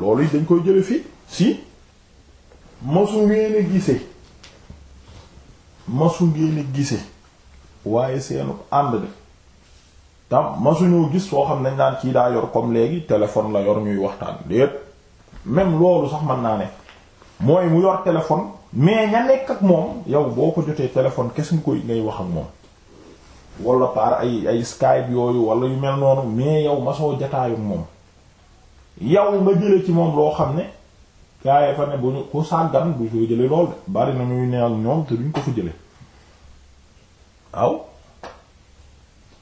loolu yi dañ koy jële fii si masu ngeen a gise masu ngeen a gise waaye seenu ànd de tam masuñoo gis soo xam nañ naan kii daa yor comme léegi téléphone la yor ñuy waxtaan déet même loolu sax mën naa ne mooy mu yor téléphone mais ña nekk ak moom yow boo ko jotee téléphone kes nga koy ngay wax ak moom wala par ay ay Skype yooyu wala yu mel noonu mais yow masoo jataayu moom yow nga jële ci moom loo xam ne gaaye fa ne bu ñu ku sàggan bu soo jële lool de bari na ñuy neex ñoom te duñ ko fa jële waaw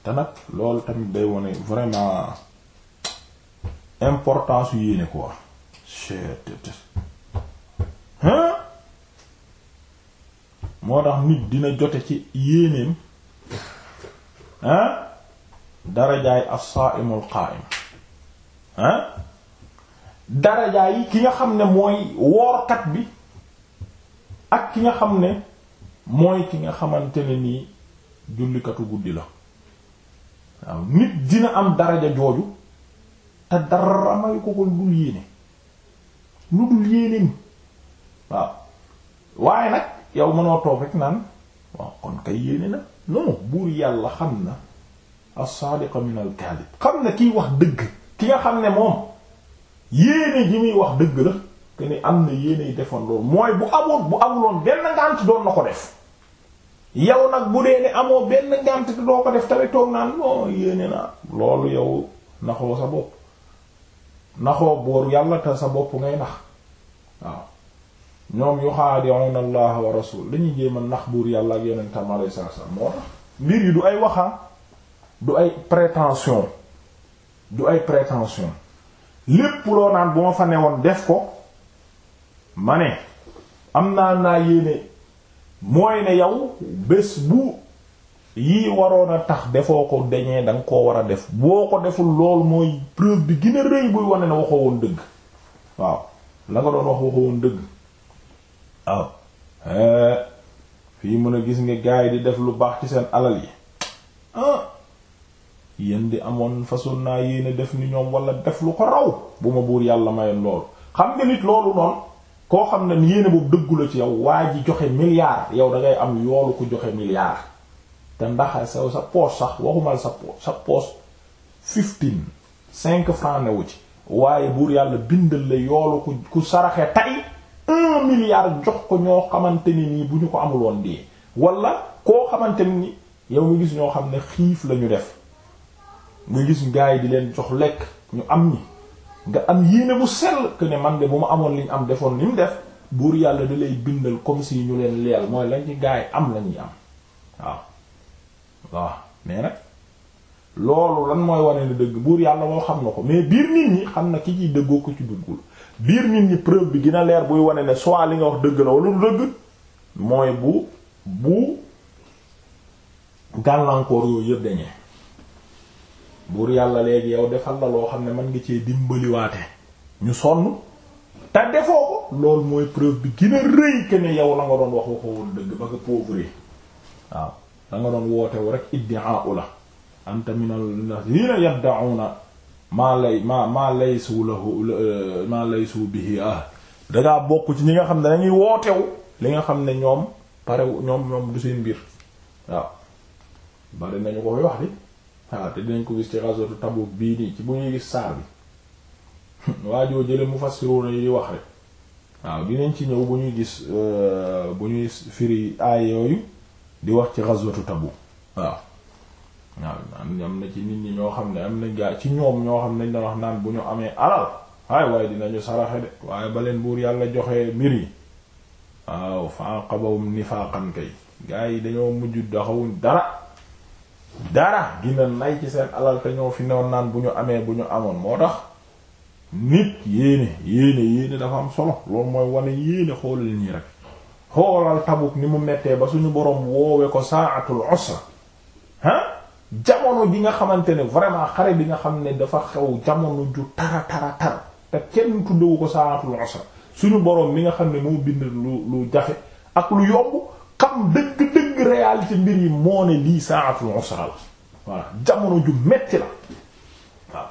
te nag loolu tamit day wone vraiment importance yu yéene quoi hein moo tax nit dina jote ci yéeneem hein darajaay as-sa'imul qa'im hein daraja yi ki nga xam ne mooy woorkat bi ak ki nga xam ne mooy ki nga xamante ne nii jullikatu guddi la waaw nit dina am daraja jooju te dara mayu ko ko lu dul yéene lu dul yéeneem waaw waaye nag yow mënoo toog rek naan waaw kon kay yéene na non buur yàlla xam na as-sadiq min xam na kiy wax dëgg ki nga xam ne moom yéene ji muy wax dëgg la que ni am na yéene yi defoon loolu mooy bu amoon bu amuloon benn ngànt doon na ko def yow nag bu dee ne amoo benn ngànt doo ko def tamit toog naan non naa loolu yow naxoo sa bopp naxoo booru yàlla te sa bopp ngay nax waaw ñoom yu xaadi'una allah wa rasul dañuy jéem a nax buur yàlla ak yonentam alayhi salaam moo tax mbir yi du ay waxaa ah, du ay prétention du ay prétention lépp loo naan bu ma fa newoon def ko ma am naa naa yéene mooy ne yow bés bu yii waroon a tax defoo ko deñee danga koo war a def boo ko deful loolu mooy preuve bi gën a rëy buy wane ne waxoo woon dëgg waaw la nga doon wax waxoo woon dëgg waaw eh, fii mën a gis nga gaay di def lu baax ci seen alal yi ah, yéen di amoon façon naa yéene def ni ñoom wala def lu ko raw bu ma buur yàlla mayoon loolu xam nga nit loolu noonu koo xam ne yéene boobu dëggu ci yow waa ji joxe milliard yow dangay am yoolu ku joxe milliard te ndax sew sa poche sax waxumal sa poche sa poche fifteen cinq francs newu ci waaye buur yàlla bindal la yoolu ku ku saraxe tay un milliard jox ko ñoo xamante ni nii bu ñu ko amuloon dee walla koo xamante ni yow nga gis ñoo xam ne xiif lañu def nga gis gaa yi di leen jox lekk ñu am ñi nga am yéene bu sell que ne man de bu ma amoon liñ am defoon li mu def buur yàlla da lay bindal comme si ñu leen leer mooy lañ ci gaa yi am lañuy am waaw waaw mais nag loolu lan mooy wane ni dëgg buur yàlla moo xam na ko mais biir nit ñi xam na ki ciy dëggoo ko ci duggul biir nit ñi preuve bi gën a leer buy wane ne soit li nga wax dëgg la wala du dëgg mooy bu bu gàllankoor yooyu yëpp dañee buur yàlla léegi yow defal la loo xam ne mën ngi cee dimbaliwaate ñu sonn te defoo ko loolu mooy preuve bi gën a rëy que ne yow la nga doon wax waxoo dëgg ba nga pauvre waaw la nga doon wootewu rek iddi'a'u la anta minal lazina yad'una maa lay ma maa lay lahu maa laysu bihi ah dangaa bokk ci ñi nga xam ne dañuy wootewu li nga xam ne ñoom pare ñoom ñoom du seen mbir waaw bari nañu ko wax di waaw te dinañ ko gis ci ghazwatu Tabuk bii nii ci bu ñuy gis saar bi waajoo jële mufassiruna yi wax rek waaw dinañ ci ñëw bu ñuy gis euh, bu ñuy firi aay yooyu di wax ci ghazwatu Tabuk waaw waaw am na ci nit ñi ñoo xam ne am na gaa ci ñoom ñoo xam ne dañ wax naan bu ñu amee alal waaye waaye dinañu saraxe de waaye ba buur yàlla joxe mbir yi waaw fa aqabahum nifaaqan kay gaa yi dañoo mujj doxawuñ dara dara dina nay ci seen alal te ñoo fi newoon naan bu ñu amee bu ñu amoon moo tax nit yéene yéene yéene dafa am solo loolu mooy wane yéene xoolal ñi rek xoolal Tabuk ni mu mettee ba suñu boroom woowe ko sa'atul usra ah jamono ji nga xamante ne vraiment xare bi nga xam ne dafa xew jamono ju tara tara tara te kenn tuddawu ko sa'atul usra suñu boroom bi nga xam ne moo bind lu lu jafe ak lu yomb xam dëgg dëgg dëgg réalité mbir yi moo ne lii saatul usra la voilà jamono ju metti la waaw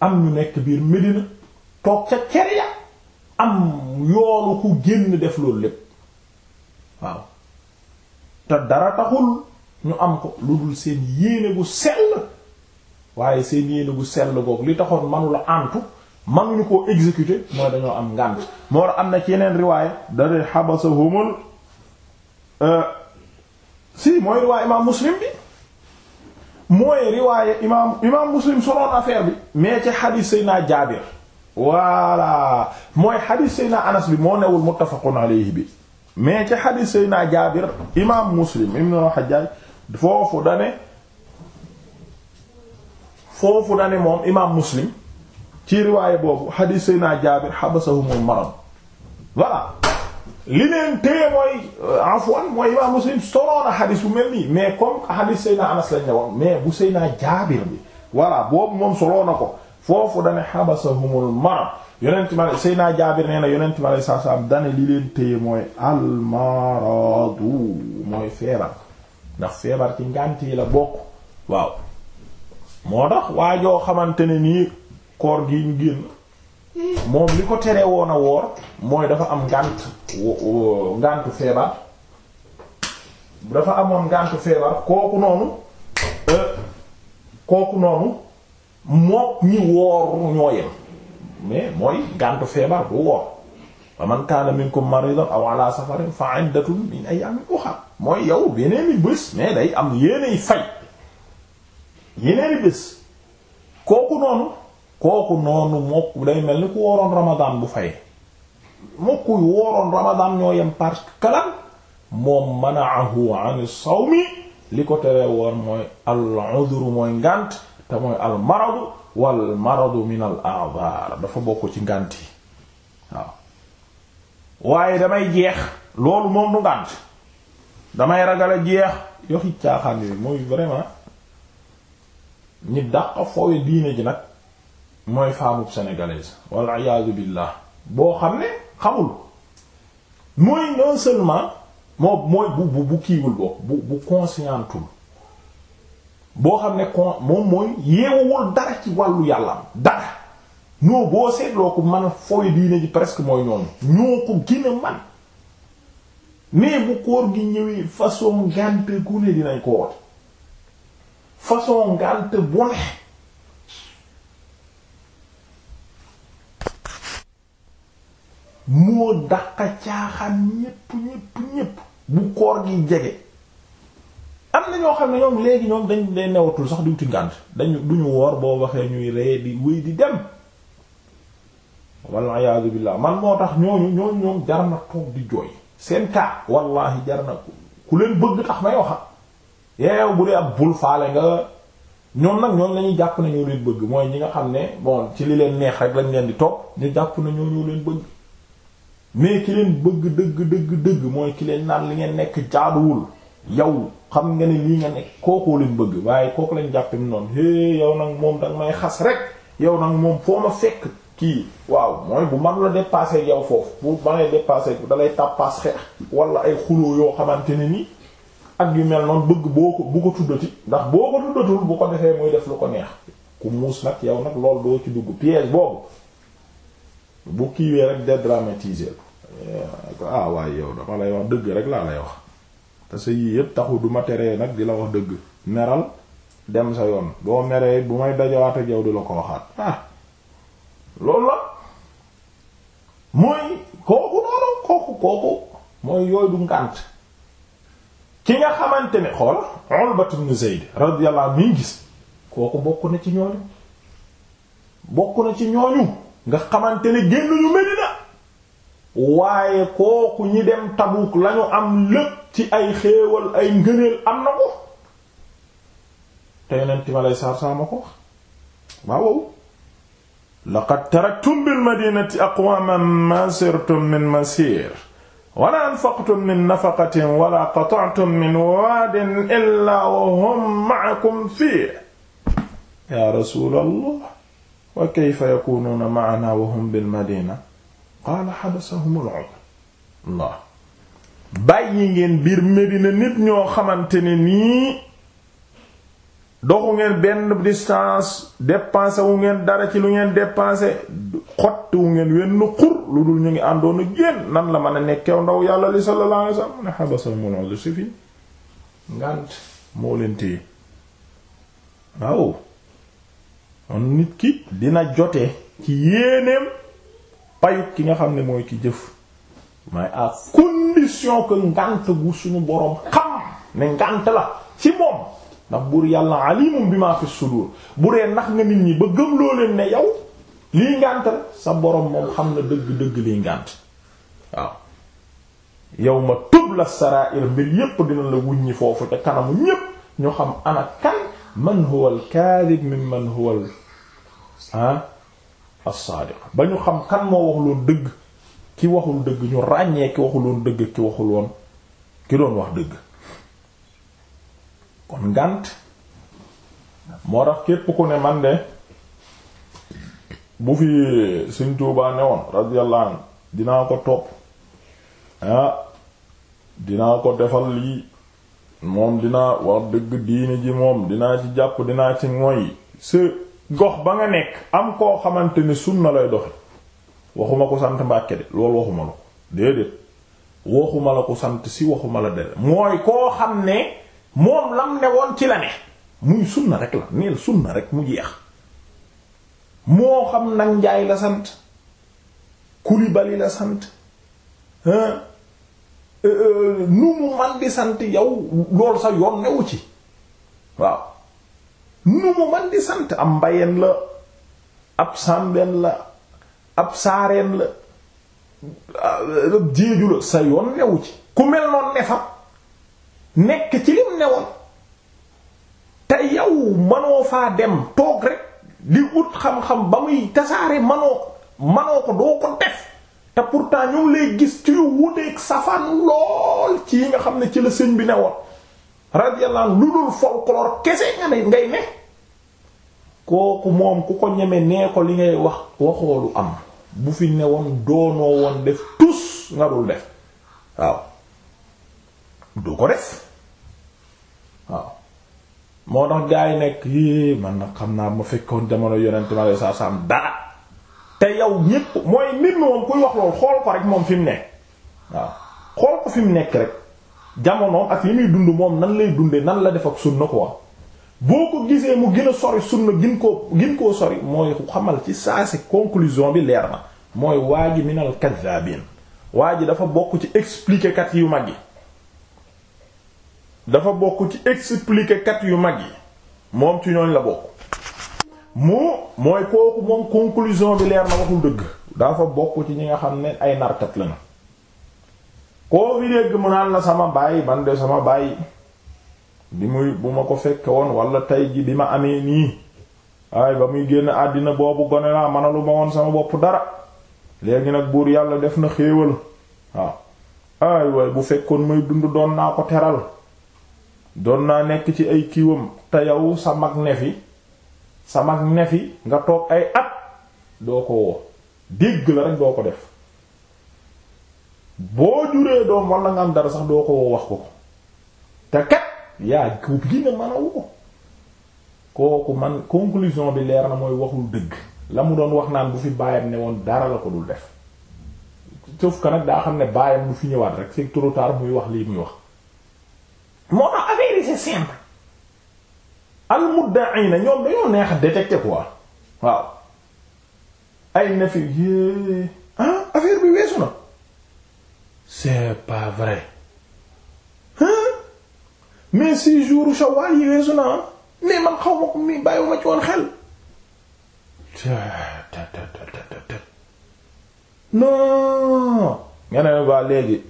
am ñu nekk biir Medina toog ca kër ya am yoolu ku génn def loolu lépp waaw te dara taxul ñu am ko lu dul seen yéene gu sell waaye seen yéene gu sell goog li taxoon manula antu manuñu ko exécuter mooy dañoo am ngànt moo am na ci yeneen riwaaya dara xabasa humul Euh, si mooy riwaay imaam muslim bi mooy riwaay imaam imaam muslim soloon affaire bi mais ci xadiis Seydina Jaabir voilà mooy xadiis Seydina Anas bi moo newul muttafaqun bi mais ci xadiis Seydina Jaabir imaam muslim imaam muslim ci riwaay boobu xadiis Seydina Jaabir xabasahumul marad voilà li leen téye mooy euh, afwan mooy imaam Muslim soloon a xadis bu mel nii mais comme xadis Seydina Anas lañ ne woon mais bu Seydina Jaabir bi voilà boobu moom soloon na ko foofu dane xabasahumul mar yonent ma Seydina Jaabir nee na yonent ma lay saa saam dane li leen téye mooy almaradu mooy feebar ndax feebar ci ngànt yi la bokk waaw moo tax waajoo xamante ne nii koor gi ñu génn moom li ko teree woon a woor mooy dafa am ngànt ngàntu feebar dafa amoon ngàntu feebar kooku noonu euh, kooku noonu mook ñi wooru ñoo yem mais mooy ngàntu feebar du woor wa man kaana minkum maridan aw ala safarin fa iddatun min ayyamin ukhra mooy yow beneen i bés mais day am yeneen i fay yeneen i bés kooku noonu kooku noonu mokk day mel ni ku wooroon ramadan bu fay mokkuy wooroon ramadan ñoo yem parce que kalam moom manaahu an sawmi li ko teree woor mooy al udhru mooy ngànt te mooy al maradu wal maradu min al a'dhar dafa bokk ci ngànt yi waaw waaye damay jeex loolu moom du ngànt damay ragal a jeex yoxi caaxaan yi mooy vraiment ñi dàq foowe diine ji nag mooy femme sénégalaise walla iyaazu billah boo xam ne xamul mooy non seulement moo mooy bu bu bu kiiwul boo bu bu conscientul boo xam ne con moom mooy yeewuwul dara ci wàllu yàlla dara ñoo boo seetloo ko man fooy diine ji presque mooy ñooñu ñoo ko gën a man mais bu koor gi ñëwee façon ngànte gu dinañ ko wot façon ngànte bu moo dàqa caaxaan ñépp ñépp ñépp bu koor gi jege am na ñoo xam ne ñoom léegi ñoom dañ day newatul sax di wuti ngànt dañu duñu woor boo waxee ñuy ree di wéy di dem walla iyaadu billaah man moo tax ñooñu ñooñu ñoom jar na toog di jooy seen kaa wallahi jar na ku leen bëgg tax may waxa yeew bu dee ab bul faale nga ñoom nag ñoom lañuy jàpp na leen bëgg mooy ñi nga xam ne bon ci li leen neex rek lañ leen di topp ñu jàpp na ñoo leen bëgg mais ki leen bëgg dëgg dëgg dëgg mooy ki leen naan li ngeen nekk jaaduwul yow xam nga ne lii nga nekk kooku leen bëgg waaye kooku leen jàppem noonu hé yow nag moom danga may xas rek yow nag moom foo ma fekk kii waaw mooy bu man la dépasser yow foofu bu ma lay dépasser da lay tàppaas xeex wala ay xuloo yoo xamante ne nii ak yu mel noonu bëgg boo ko bu ko tuddati ndax boo ko tuddatul bu ko defee muy def lu ko neex ku muus nag yow nag loolu doo ci dugg piège boobu bu kiiwee rek dédramatiser ah waaye yow dama lay wax dëgg rek laa lay wax te sa yii yépp taxu du ma nag di la wax dëgg meral dem sa yoon boo meree bu may dajawaat ak yow di la ko waxaat ah loolu la mooy kooku noonu kooku kooku mooy yooyu du ngànt ki nga xamante ne xool Ulbat ibn Zayd radiyallahu anhu gis kooku bokk na ci ñooñu bokk na ci ñooñu nga xamante ne génn ñu Medina waaye kooku ñi dem Tabuk lañu am lépp ci ay xéewal ay ngëneel am na ko te yonent ma lay saar saama ko wax waawow laqad taraktum bil madinati aqwaman ma sirtum min masir wala anfaqtum min nafaqatin wala qata'tum min waadin illa wa hum ma'akum fihi ya rasul allah wa kayfa yakununa ma'ana wa hum bil madina qaala xabasahum al-umr Allah bàyyi ngeen biir Medina nit ñoo xamante ne nii doxu ngeen benn distance dépensé wu ngeen dara ci lu ngeen dépensé xotti wu ngeen wenn xur lu dul ñu ngi àndoon ak yéen nan la mën a nekkew ndaw yàlla li sallallahu alayhi wasallam ne si fii ngànt moo leen téye waaw nit ki dina jote ci yéeneem payut ki nga xam ne mooy ki jëf mooy à condition que ngànt gu suñu boroom xam ne ngànt la ci moom ndax buur yàlla alimum bi maa fi sudur bu dee nax nga nit ñi ba gëm loo ne yow lii ngànt la sa boroom moom xam na dëgg-dëgg liy ngànt waaw yow ma tub la sarair mbir yépp dina la wuññi foofu te kanamu ñépp ñu xam ana man huwa al kadhib man huwa ah as-saadiq ba ñu xam kan moo waxuloon dëgg ki waxul dëgg ñu ràññee ki waxuloon dëgg ki waxul woon ki doon wax dëgg kon ngànt moo tax képp ku ne man de bu fi Sëriñ Tuubaa ne woon radiyallahu anhu dinaa ko topp ah dinaa ko defal lii moom dinaa wax dëgg diini ji moom dinaa ci jàpp dinaa ci moy se gox ba nga nekk am koo xamante ne sunna lay doxe waxuma ko sant Mbàkke de loolu waxuma la ko déedéet waxuma la ko sant si waxuma la dere mooy koo xam ne moom lam ne woon ci la ne muy sunna rek la neel sunna rek mu jeex moo xam nag njaay la sant Kulibali la sant euh, euh, nu mu man di sant yow loolu sa yoon newu ci waaw nu mu man di sant am mbayeen la ab sàmbeen la ab saareen la ab jéeju la sa yoon newu ci ku mel noon ne fa nekk ci lim newoon te yow manoo faa dem toog rek li ut xam-xam ba muy tasaare manoo manoo ko doo ko def te pourtant ñu lay gis ci yu wuteeg safaan lool ci yi nga xam ne ci la sëñ bi newoon radiyallahu lu dul folklore kese nga ne ngay ne kooku moom ku ko ñeme nee ko li ngay wax waxoo am bu fi ne woon doonoo woon def tus nga dul def waaw du ko def waaw moo tax gaa yi nekk yii man nag xam naa ma fekkoon jamono yonent ma lay saa saam dara te yow ñépp mooy nit moom kuy wax loolu xool ko rek moom fi mu nekk waaw xool ko fi mu nekk rek jamono ak li muy dund moom nan lay dundee nan la def ak na quoi boo ko gisee mu gën a sori na gin koo gin koo sori mooy xamal ci saa si conclusion bi leer na mooy waa ji minal kadhabin waa ji dafa bokk ci expliquer kat yu mag yi dafa bokk ci expliquer kat yu mag moom ci ñooñ la bokk mu mooy kooku moom conclusion bi leer na waxul dëgg dafa bokk ci ñi nga xam ne ay narkat la na koo fi gi mu naan la sama baay man de sama baay bi muy bu ma ko fekke woon wala tey ji bi ma amee nii waaye ba muy génn àddina boobu gone laa manalu ma woon sama bopp dara léegi nag buur yàlla def na xéewal waaw ay waay bu fekkoon muy dund doon naa ko teral doon naa nekk ci ay kiiwam te yow sa mag nefi sa mag ne nga toog ay at doo ko woo dégg la rek doo ko def boo juree doom wala nga am dara sax doo ko wax ko ko te kat yaa ko gina manawu ko kooku man conclusion bi leer na mooy waxul dëgg la mu doon wax naan bu fi baayam ne woon dara la ko dul def sauf que daa xam ne baayam lu fi ñëwaat rek c'est muy wax lii muy wax moo tax affaire yi c'est simple al mudda'ina ñoom dañoo neex a détecter quoi waaw ay na fi ah affaire bi weesu na c'est pas vrai hein mais six jours Shawwal yi weesu naa mais man xaw ma ko mi bàyyiwuma ci woon xel non nga ne waa léegi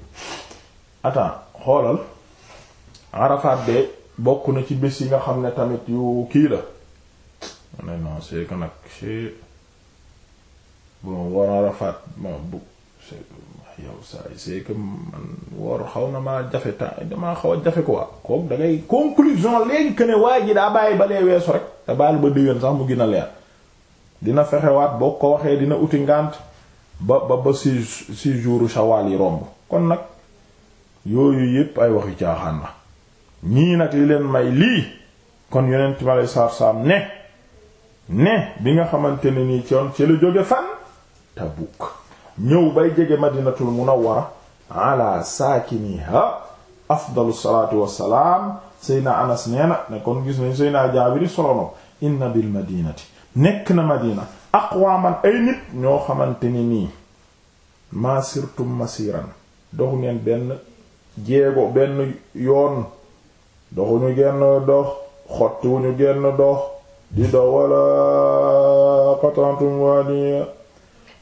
ata xoolal Arafat de bokk na ci bés yi nga xam ne tamit yu kii la ma ne non c'est que nag c'est bon war Arafat bon bu c'est yow saay c'est que man woor xaw na maa jafe temps damaa xaw a jafe ko kooku da ngay conclusion léegi que ne waa ji daa bàyyi ba lee weesu rek te baal ba déwén sax mu gën leer dina fexewaat boo ko waxee dina uti ngant ba ba ba si si jouru shawaal yi romb kon nag yooyu yépp ay yu caaxaan la ñii nag li leen may lii kon yonent ma lay saar saam ne ne bi nga xamante ne nii ci yoon ci la jóge fan Tabuk ñëw bay jege madinatul munawwara ala saakiniha afdalu salaatu wassalaam seyna anas nee ne kon gis nañ seyna jaabiri solono inna bil madinati nekk na madina aqwaman ay nit ñoo xamante ni nii maa sirtum masiran doxu ngeen benn jeego benn yoon doxu ñu genn dox xottu ñu genn dox di dox wala qatantum wadiya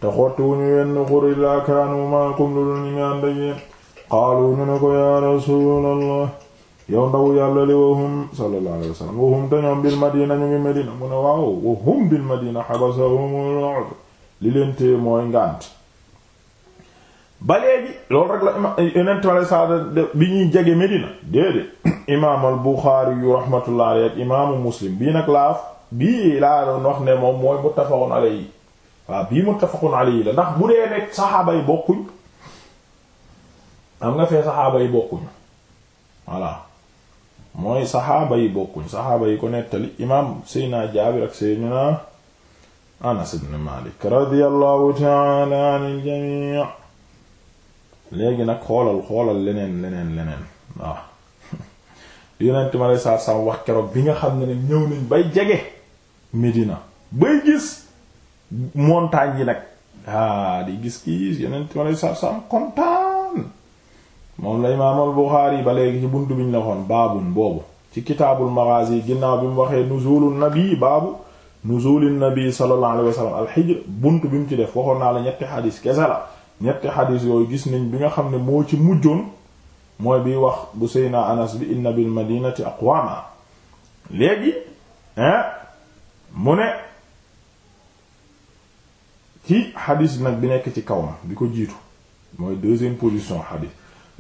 te xotti wu ñu wenn xur illaa kaanu maakum lu dul ñi nga ànd ak qaalu ñu ne ko yaa rasuulallah yow ndaw yàlla li wahum sallallahu alayhi wasallam wahum te ñoom madina ñu ngi madina mu ne waaw wahum bil madina xabasahumul ud li leen tee mooy ngànt ba léegi loolu rek la imaamu Muslim bii nag laaf bii laa doon wax ne moom mooy muttafaqun alayhi waaw bii muttafaqun alayhi la ndax bu dee nekk saxaaba yi bokkuñ am nga fee saxaaba yi bokkuñ voilà mooy saxaaba yi bokkuñ saxaaba yi ko nettali imaam Seydina Jaabir ak Seydina Anas ibn Malik radiyallahu ta'ala anil jami' léegi nag xoolal xoolal leneen leneen leneen waaw yonent ma lay saa wax keroog bi nga xam ne ñëw nañ bay jege Medina bay gis montagne yi nag ah di gis kii yeneen ci wàllu saabsaab kontaan moom la imaam al-Buxaari ba léegi ci bunt bi ñu la waxoon baabun boobu ci kitaabul maghaazi ginnaaw bi mu waxee nuzuulun nabi baabu nuzuulun nabi sallallahu alayhi wa sallam al-hijr buntu bi mu ci def waxoon naa la ñetti xadis kese la ñetti xadis yooyu gis nañ bi nga xam ne moo ci mujjoon mooy biy wax bu Seyna Anas bi inna bi madinati aqwaama léegi hein mu ne. ci xadis nag bi nekk ci kaw ma bi ko jiitu mooy deuxième position xadis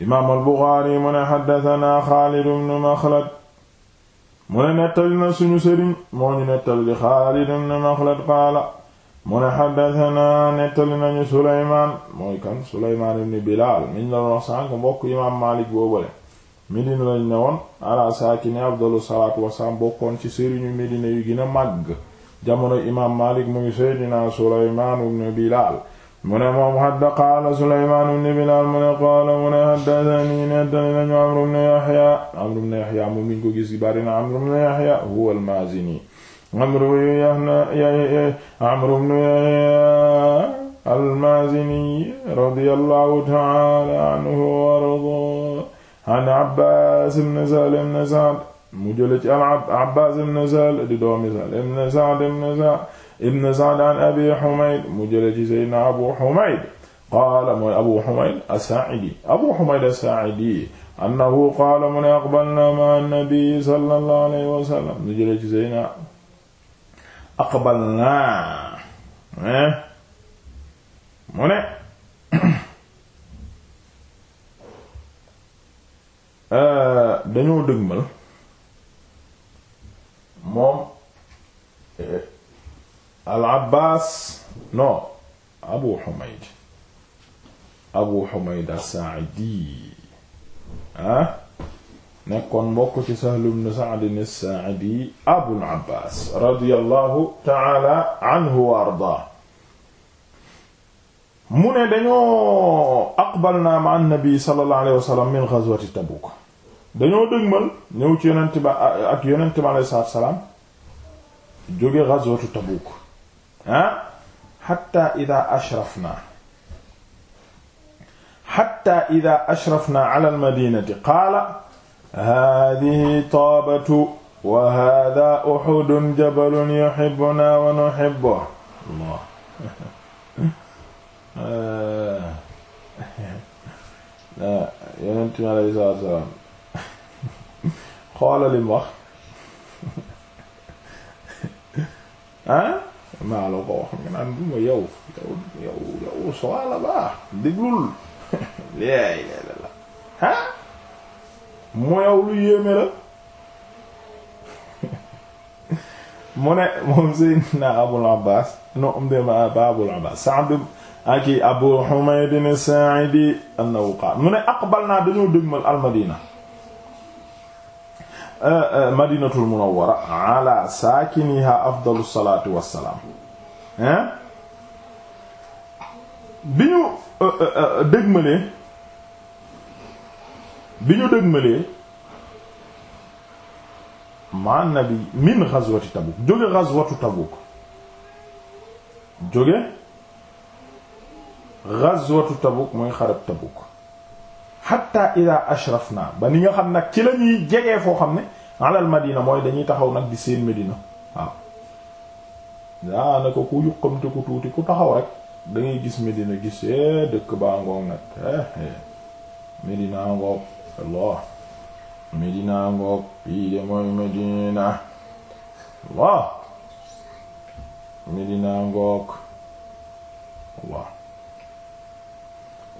imaam al-Buxaari mu ne xaddatanaa Xaalid ibn Maxlad mu ne nettali na suñu sëriñ moo ñu nettali di Xaalid ibn Maxlad qaala mu ne xaddatanaa nettali nañu Sulaymaan mooy kan Sulaymaan ibn Bilaal miñ la mbokk imaam Maalik boobale Medina lañ ne woon ala saakini afdalu salaatu wasalaam bokkoon ci sëriñu Medina yu gën a màgg jamono imaam Maalik muy seydina Sulaymaan ibn Bilaal mu ne moom hadda qaala Sulaymaan ibn Bilaal mu ne qaala mu ne haddathanii nettali nañu Amru ibn Yahya Amru ibn Yahya moom liñ ko gis gi bari na Amru ibn Yahya huwa al-Maazini Amru ibn Yahya al-Maazini radiyallahu ta'ala anhu wa ardaahu an Abbaas ibn Sahl ibn Sa'd mu jële ci al-Abbaas ibn Sahl di doomi Sahl ibn Sa'd ibn Sa'd ibn Sa'd an Abi Humayd mu jële ci Seydina Abu Humayd qaala mooy Abu Humayd as-Saa'idi Abu Humayd as-Saa'idi annahu qaala mu ne aqbalnaa ma'a an-nabi sallallahu alayhi wa sallam mu jële ci Seydina aqbalnaa mu ne euh, dañoo dëgmal moom eh, al abbaas non abu xumayd abu xumayd as-saaidi ah nekkoon mbokk ci sahl ibn sa'd as-saaidi abul abbaas radiyallahu ta'ala anhu wa ardaa mu ne dañoo aqbalna ma'a an-nabi sallallahu alayhi wa sallam min ghazwati tabuk dañoo dëgmal ñëw ci yonent ba ak yonent ba aleyhi salaatu salaam jóge ghazwatu Tabuk ah hatta idha ashrafna hatta idha ashrafna ala al-madinati qaala hadhihi taabatu wa hadha uhudun jabalun yuhibbuna wa nuhibbuhu Allah eh, eh, yonent bi aleyhi salaatu salaam xoola lim wax ah maa la ko wax nga naan duma yow yow yow yow soala baa déglul léegi léegi la ah mu yow lu yéeme la mu ne moom Seydina Abul Abbas no am de ma Abul Abbas Sa'd aki Abu Humayd as-Sa'idi annahu qaal mu ne aqbalna dañoo dëgmal al-Madina madinatul munawwara ala saakiniha afdalu salaatu wassalaam hein bi ñu dëgmalee bi ñu dëgmalee ma nabi min ghazwati Tabuk jóge ghazwatu Tabuk jóge ghazwatu Tabuk mooy xarab Tabuk hatta ida ashrafna ba ni nga xam nag ci la ñuy foo xam ne alal madina mooy dañuy taxaw nag di seen madina waaw daa ku yuqamte ku tuuti ku taxaw rek da ngay gis madina gis dëkk baa ngoog nag madina ngoog Allah madina ngoog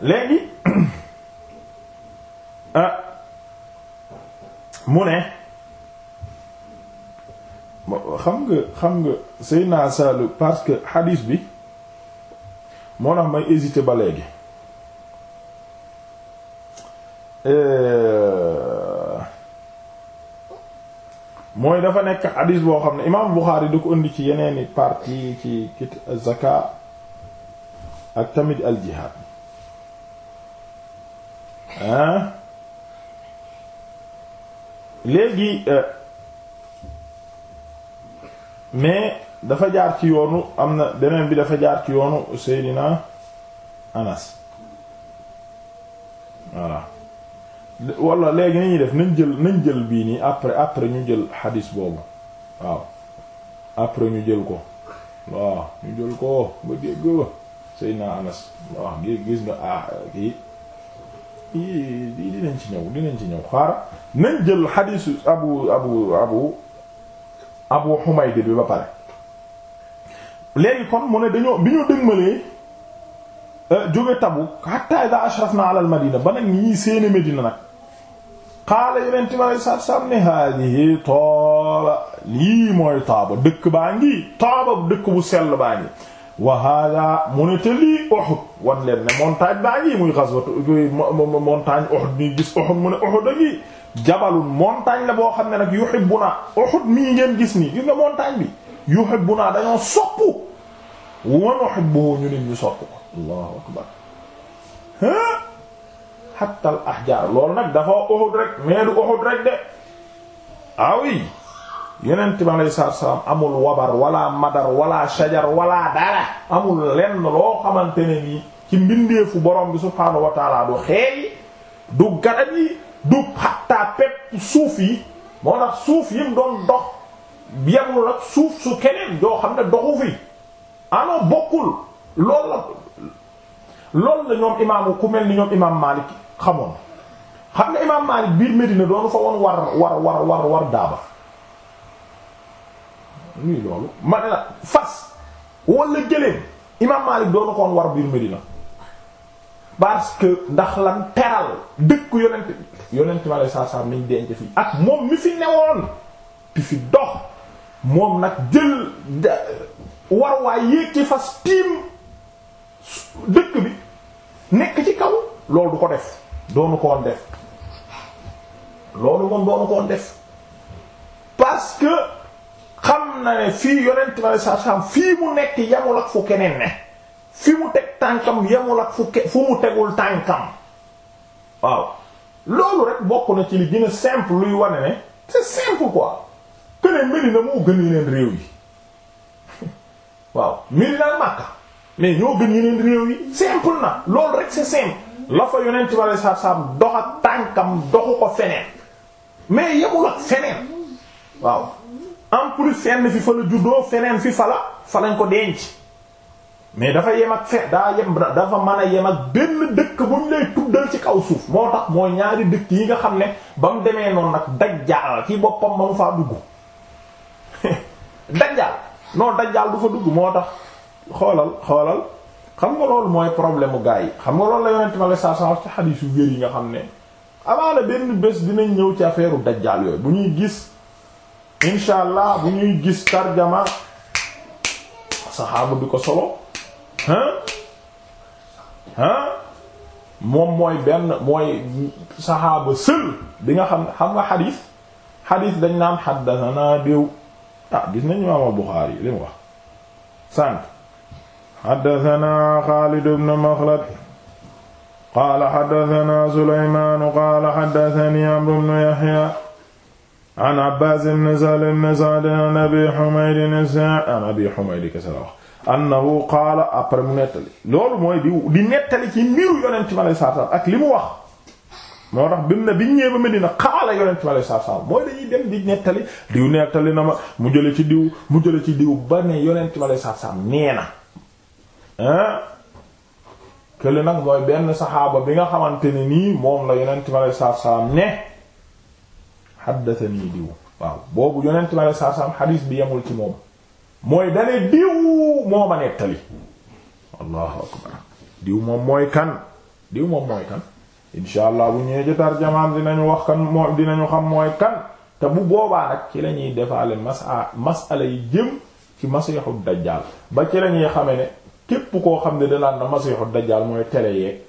léegi Ah. mu ne xam nga xam nga say parce que xadiis bi moo tax may hésiter ba léegi euh, mooy dafa nekk xadiis boo xam ne imaam Buxaari da ko indi ci yeneeni partie ci kit zaka ak tamit al jihaad ah. léegi euh, mais dafa jaar ci yoonu am na beneen bi dafa jaar ci yoonu Seydina Anas voilà wala léegi nañuy def nañ jël nañ jël bii nii après après ñu jël xadiis boobu waaw après ñu jël ko waaw ñu jël ko ba dégg Seydina Anas waaw gis nga ah kii dinañ ci ñëw dinañ ci ñëw xaar nañ jël xadiisu abu abu abu abu Humayd bi ba pare léegi kon mu ne dañoo bi ñu dëgmalee euh, jóge Tabuk hatta ida ashrafna ala al madina ba nag ñii seeni Medina nag xaala yeneen mi alei satu salaam ne haadihi tooba lii mooy taaba dëkk baa ngi taaba dëkk bu sell baa ngi wa hada mu ne te lii Uhud wan leen ne montagne baa ngi muy ghazwatu montagne Uhud nii gis Uhud mu ne Uhud a ngi jabalun montagne la boo xam ne nag yuhibbuna Uhud mii ngeen gis nii gis nga montagne bi yuhibbuna dañoo soppu wa nuhibbu ñu nit ñu sopp ko allahu akbar hatta al ahjar loolu nag dafa Uhud rek mais du Uhud rek de awi ah yeneen bi alayhi salaatu salaam amul wabar wala madar wala shajar wala dara amul lenn loo xamante ne nii ci mbindeefu borom bi subhaanahu wa taala du xeel yi du garab yi du xattaa pepp suuf yi moo tax suuf yi mu doon dox yemul ak suuf su keneen joo xam ne doxu fi ano bokkul loolu la la ñoom imaamu ku mel ni ñoom imaam Maalik xamoon xam nga imaam Maalik biir Medina doonu fa woon war war war war daaba nuy loolu ma la fas wala gëléem imaam Maalik doon koon war biir Medina parce ndax lan teral dëkk yonent yonent ma lay saasaam niñ denc fii ak moom mi fi newoon di fi dox moom nag jël war waay yéeg ci fas tiim dëkk bi nekk ci kaw loolu du ko def doonu ko woon def loolu moom doonu ko def parce xam na ne fii yonent ma saa saam fii mu nekk yamul ak fu keneen ne fi mu teg tànkam yamul ak fu fu mu tegul tànkam waaw loolu rek bokk na ci li gën a simple luy wane ne c'est simple quoi que ne Medina moo gën réew yi waaw Medina ak Makka mais réew yi simple na loolu rek c'est simple la fa yonent ma saa saam dox ak tànkam doxu ko feneen mais yamul ak feneen waaw. en plus fenn fi fa la juddoo feneen fi fa la fa lañ ko denc mais dafa yem ak fe daa yem dafa man a yem ak benn dëkk bu ñu lay tuddal ci kaw suuf moo tax moo ñaari dëkk yi nga xam ne ba mu demee noonu nag dajjaal ci boppam ma mu faa dugg dajjaal non dajjaal du fa dugg moo tax xoolal xoolal xam nga loolu mooy problème mu gaa yi xam nga loolu la yonent ma la saa saa wax ci xadiis yu wér yi nga xam ne amaana benn bés dinañ ñëw ci affaire dajjaal yooyu bu ñuy gis. insha bu ñuy gis tarjama saxaaba bi ko solo hein hein moom mooy benn mooy saxaaba sël bi nga xam xam nga xadiis xadiis dañ naan xaddasanaa diw ah gis nañ imaam Buxaari li mu wax sànq xaddasanaa Xaalid ibn Maxlad qaala xaddasanaa Sulaymaanu qaala xaddasanii Amru ibn Yaxya an Abbaas ibn Sahl ibn an Abi Humayd an Abi Humayd kese la wax annahu qaala après mu nettali loolu mooy di di nettali ci mbiru yonent mi alayhi salaatu salaam mooy dañuy dem di nettali diw nettali na ma mu jële ci diw mu jële ci diw ba ne yonent mi alayhi salaatu salaam nee na ah kële nag mooy benn saxaaba bi nga xamante ne nii moom la yonent mi alayhi salaatu salaam ne xaddatanii diw waaw boobu yonent ma ne saa saam xadiis bi yemul ci moom mooy dane diw moo ma nettali allahu akbar diw moom mooy kan diw moom mooy kan insha allah bu ñëwee ci tarjamaan dinañu wax kan moo dinañu xam mooy kan te bu boobaa nag ci lañuy defaale masa masala yi jëm ci masiixu dajjaal ba ci lañuy xame ne képp koo xam ne danaan na masiixu dajjaal mooy tele yeeg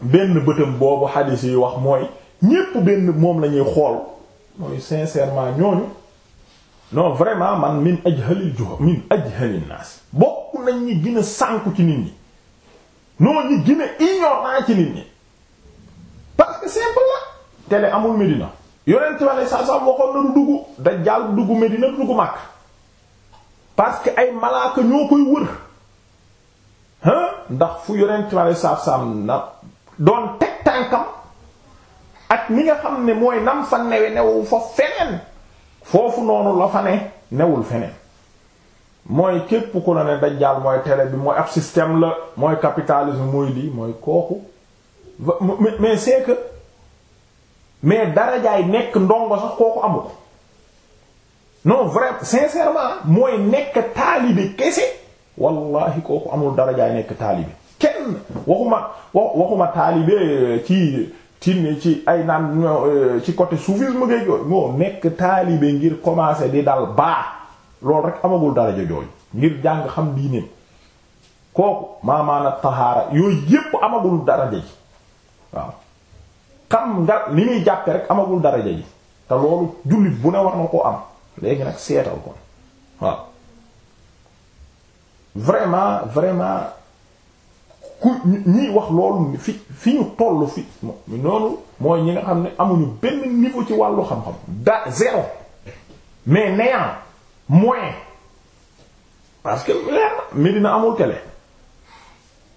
benn bëtam boobu xadiis yi wax mooy ñépp benn moom lañuy xool mooy sincèrement ñooñu non vraiment man min ajhalil juha min ajhalin naas bokk nañ ñi gën a sànku ci nit ñi noo ñi gën a ignorant ci nit ñi parce que simple la télé amul Medina yonent wale sa sa waxoon na du dugg dajjaal du Medina du dugg Makka parce que ay malaaka ñoo koy wër hein ndax fu yonent wale saaf saam na doon teg tànkam ak mi nga xam ne mooy nam fa newe newu fa feneen foofu noonu la fa ne newul feneen mooy képp ku la ne dajjaal mooy télé bi mooy ab système la mooy capitalisme mooy lii mooy kooku mais c'est que mais darajaay nekk ndongo sax kooku amu non vraiment sincèrement mooy nekk taalibe kese wallahi kooku amul darajaay nekk taalibe kenn waxuma waxuma taalibe eh, ci tinne ci ay naan euh, ci côté soufisme ngay jooy moo nekk taalibe ngir commencer di dal baa loolu rek amagul daraja jooy ngir jàng xam diineem kooku maamaana tahaara yooyu yépp amagul daraja ji waaw xam nga li muy jàppe rek amagul daraja ji te loolu jullit bu ne war na koo am léegi nag seetal ko waaw vraiment vraiment ku ñiy wax loolu fi fi ñu toll fi noonu mooy ñi nga xam ne amuñu benn niveau ci wàllu xam-xam da zéro mais néant moyen parce que leer Medina amul télé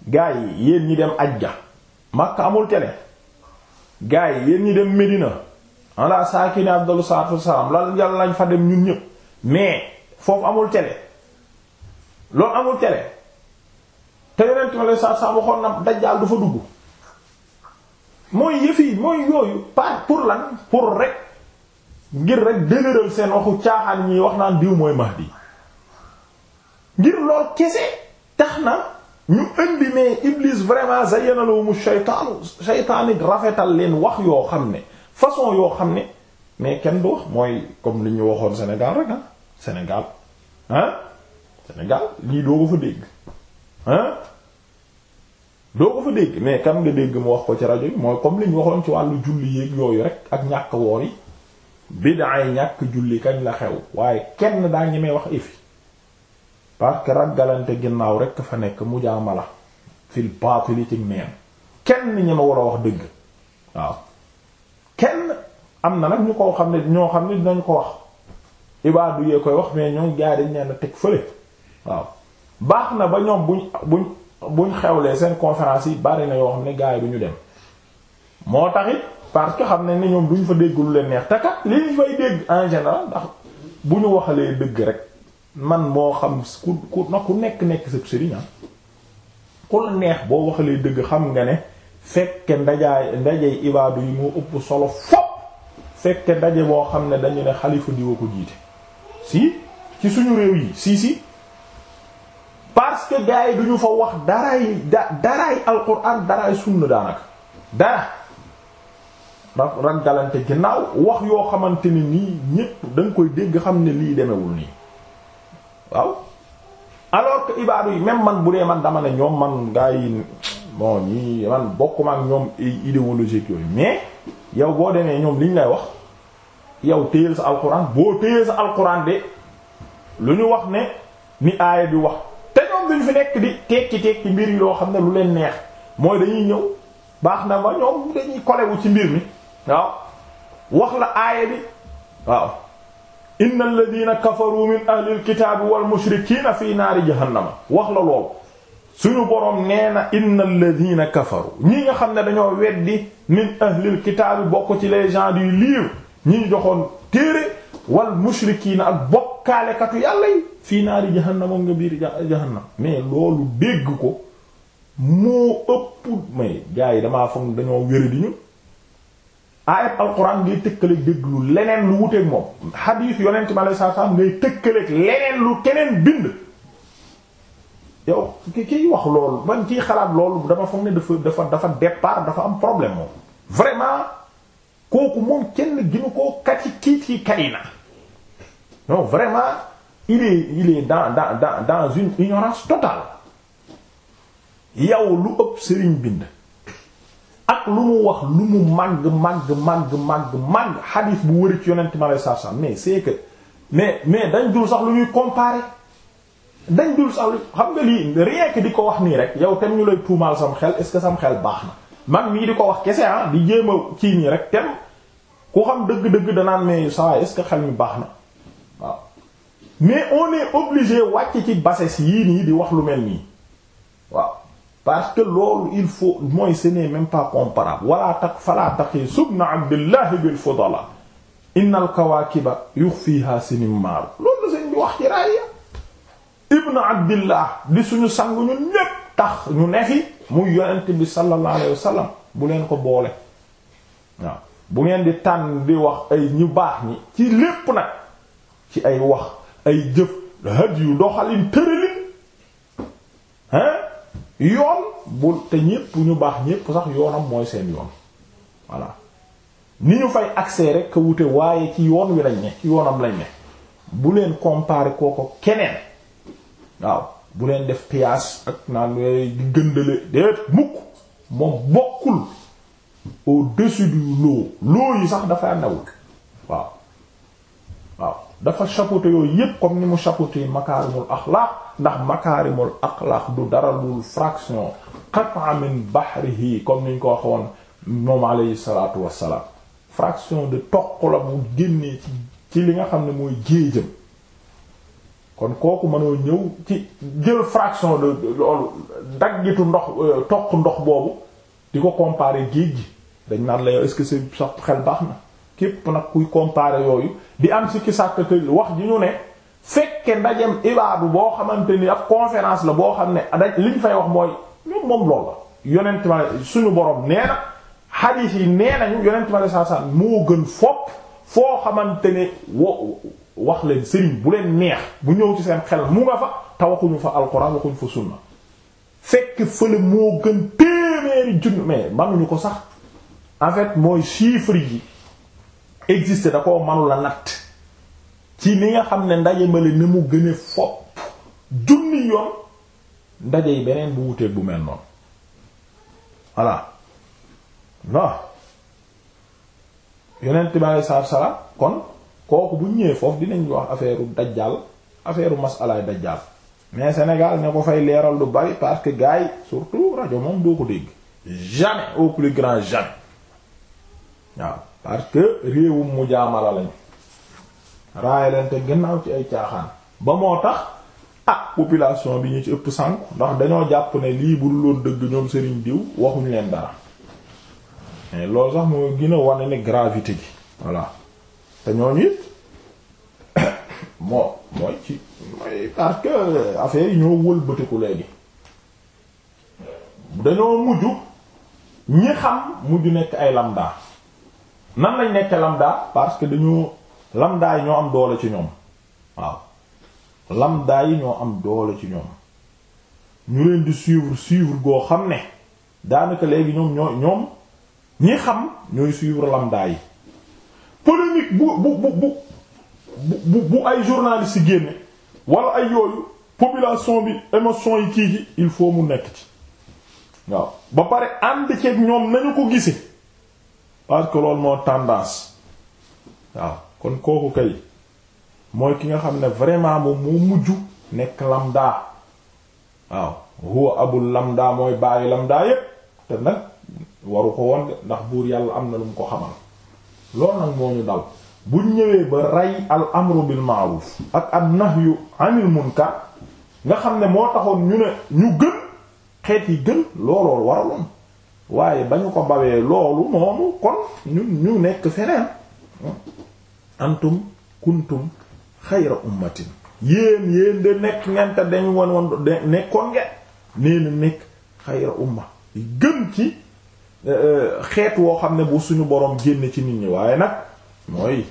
gars yi yéen ñi dem ajja Makka amul tele gars yi yéen ñi dem Medina ala saakini afdalu salaatu saam lan yàlla lañ fa dem ñun ñëpp mais foofu amul télé loolu amul télé te yeneen tool sa sa waxoon nag dajjaal du fa dugg mooy yëf yi mooy yooyu par pour lan pour rek ngir rek dëgëral seen waxu caaxaan ñi wax naan diw mooy Mahdi ngir lool kese tax na ñu indi ne Iblis vraiment zayyana lahum shaytaanu shaytaanit rafetal leen wax yoo xam ne façon yoo xam ne mais kenn du wax mooy comme li ñu waxoon Sénégal rek ah Sénégal ah, lii doo ko fa dégg. hein doo ko fa dégg mais kam nga dégg mu wax ko ci rajo yi mooy comme li ñu waxoon ci wàllu julli yéeg yooyu rek ak ñàkk woor yi bidaay ñàkk julli kañ la xew waaye kenn daa ñemee wax ifi parce que raggalante ginnaaw rek fa nekk mu jaamala fil baatili ci neen kenn ñeme war a wax dëgg waaw kenn am na nag ñu ko xam ne ñoo xam ne dinañ ko wax ibaadu yee koy wax mais ñoom gaa dañ neena teg fële waaw baax na ba ñoom buñ buñ buñ xewlee seen conférence yi bari na yoo xam ne gars yi du ñu dem moo taxit parce que xam ne ni ñoom duñ fa dégg lu leen neex te li ñu fay dégg en général ndax bu ñu waxalee dëgg rek man moo xam ku ku na ku nekk nekk sa sëriñ ah. ku neex boo waxalee dëgg xam nga ne fekke ndajaay ndajey ibaadu yi moo ëpp solo fopp fekke ndaje boo xam ne dañu ne xalifa diwa ko jiite si ci suñu réew yi si si parce que gars yi ñu fa wax daraay daraay alquran daraay sunna daanaka dara raggalante ginnaaw wax yoo xamante ni nii ñépp da nga koy dégg xam ne lii demewul nii waaw alors que ibaadu yi même man bu dee man dama ne ñoom man gars yi bon ñoom idéologique yooyu mais yow boo demee ñoom liñ lay wax yow téyel sa alquran boo téyel sa alquran de lu ñu wax ne ni aaya bi wax même duñ fi nekk di tekki tekki mbir yi loo xam ne lu leen neex mooy dañuy ñëw baax na ma ñoom dañuy kolewu ci mbir mi waaw wax la aaya bi waaw inna alladina kafaru min ahlil kitaabi wal mushrikiina fi naari jahannama wax la loolu suñu boroom nee na inna alladina kafaru ñii nga xam ne dañoo weddi min ahlil kitaabi bokk ci les gens du livre ñi joxoon téere wal mushrikiina ak bokkaalekatu yàlla yi fii naari jahannam moom nga biir jahannam mais loolu dégg ko moo ëpp mais gars damaa foog dañoo wéri di ñu ayat alquran ngay tëkkaleeg dégg lu leneen lu wuteeg moom xadiis yonent mi alei satu salaam ngay tëkkaleeg leneen lu keneen bind yow ki kiy wax loolu man kiy xalaat loolu dama foog ne dafa dafa dafa départ dafa am problème moom vraiment kooku moom kenn ginu koo kati kiit yi kay na non vraiment il est il est dans dans dans dans une ignorance totale yow lu ëpp sëriñ bind ak lu mu wax lu mu màgg màgg màgg màgg màgg xadiis bu wëri ci yonent ma lay sarsam mais c'est que mais mais dañ dul sax lu ñuy comparer dañ dul sax lu xam nga lii rien que di ko wax nii rek yow tem ñu lay tuumaal sam xel est sam xel baax na man mii di ko wax kese ah di jéema kii nii rek tem ku xam dëgg-dëgg danaan mais ça est-ce que xel mi baax na mais on est obligé wàcc ci bassesse yii nii di wax lu mel nii waaw parce que loolu il faut mooy ce n'est pas comparable wala tak fala taqi subna abdillahi bil fudala inna al kawakiba yukhfiha sinimaaru loolu la bi wax ci raaya ibn abdillah di suñu sang ñun ñépp tax ñu nefi muy yonent bi sallallahu alayhi wa bu leen ko boole waaw bu ngeen di tànn di wax ay ñu baax ñi ci lépp nag ci ay wax ay jëf haj yu doxalin tëralin hein yoon bu te ñépp ñu baax ñépp sax yoonam mooy seen yoon voilà ni ñu fay accès rek ka wute waaye ci yoon wi lañ ne ci yoonam lañ ne bu leen comparer kooko keneen waaw bu leen def piyaas ak naan yooyu di gëndale déet mukk moom bokkul au-dessus du lot yi sax dafay newul waaw waaw dafa chapeauté yooyu yépp comme ni mu chapeauté makaarimul axlaaq ndax makaarimul axlaaq du dara lul fraction qat'a min bahrihi comme niñ ko waxoon moom alayhi salaatu wassalaam fraction de toq la mu génnee ci ci li nga xam ne mooy géejëm kon kooku mënoo ñëw ci jël fraction de loolu daggitu ndox euh, toq ndox boobu di ko comparer géej gi dañ naan la yow est-ce que xel baax na képp nag kuy comparer yooyu di am sikki sàkk yi wax ji ñu ne fekke ndajem ibaadu boo xamante ni ab conférence la boo xam ne daj liñ fay wax mooy moom loolu la yonent ma suñu borom nee na xadiis yi nee nañu yonent ma saa saa moo gën fopp foo xamante ne wo wax leen sëriñ bu leen neex bu ñëw ci seen xel mu nga fa te waxuñu fa alxuraan waxuñu fa sunna fekk fële moo gën téeméeri junni mais mënuñu ko sax en fait mooy chiffre yi exister da koo la natt ci ni nga xam ne ndaje male ni mu gën a fopp junni yoon ndaje yi beneen bu wuteeg bu mel noonu voilà non yonent bi alei salaatu kon kooku bu ñëwee foofu dinañ wax affaire u dajjal affaire u masalaay dajjal mais Sénégal ne ko fay leeral lu bari parce que gars yi surtout rajo moom doo ko dégg jamais au plus grand jamais waaw parce que réewum mu jaamala lañ raayalante gannaaw ci ay caaxaan ba moo tax ah population bi ñu ci ëpp sànku ndax dañoo jàpp ne lii bu dul woon dëgg ñoom sëriñ diw waxuñ leen dara mais loolu sax moo gën wane ne gravité gi voilà te ñooñu it moo mooy ci mooy parce que affaire yi ñoo wëlbatiku léegi dañoo mujj ñi xam mujj nekk ay lambda nan lañ nekk lambda parce que dañu lambda yi ñoo am doole ci ñoom waaw lambda ñoo am doole ci ñoom ñu leen di suivre suivre goo xam ne daanaka léegi ñoom ñoo ñoom ñi xam ñooy suivre lambda yi polémique bu bu bu bu bu bu ay journalistes yi génne wala ay yooyu population bi émotion yi kii gi il faut mu nekk ci waaw ba pare ànd ceeg ñoom nañu ko gisee parce que lool moo tendance waaw kon kooku kay mooy ki nga xam ne vraiment moom mu mujj nekk lamda waaw huwa abul lamda mooy bàyyi lamda yépp te nag waru ko woon ndax buur yàlla am na lu mu ko xamal loolu nag moo ñu dal bu ñëwee ba rey al amru bil ma'ruf ak an nahyu anil munkar nga xam ne moo taxoon ñu ne ñu gën xeet yi gën looloo waraloon waaye ba ñu ko bawee loolu noonu kon ñun ñu nekk feneen antum kuntum xayra ummatin yéen yéen de nekk ngeen te dañu won won nekkoon ngeen neena nekk xayra umma gën ci euh, euh, xeet woo xam ne bu suñu borom génn ci nit ñi waaye nag mooy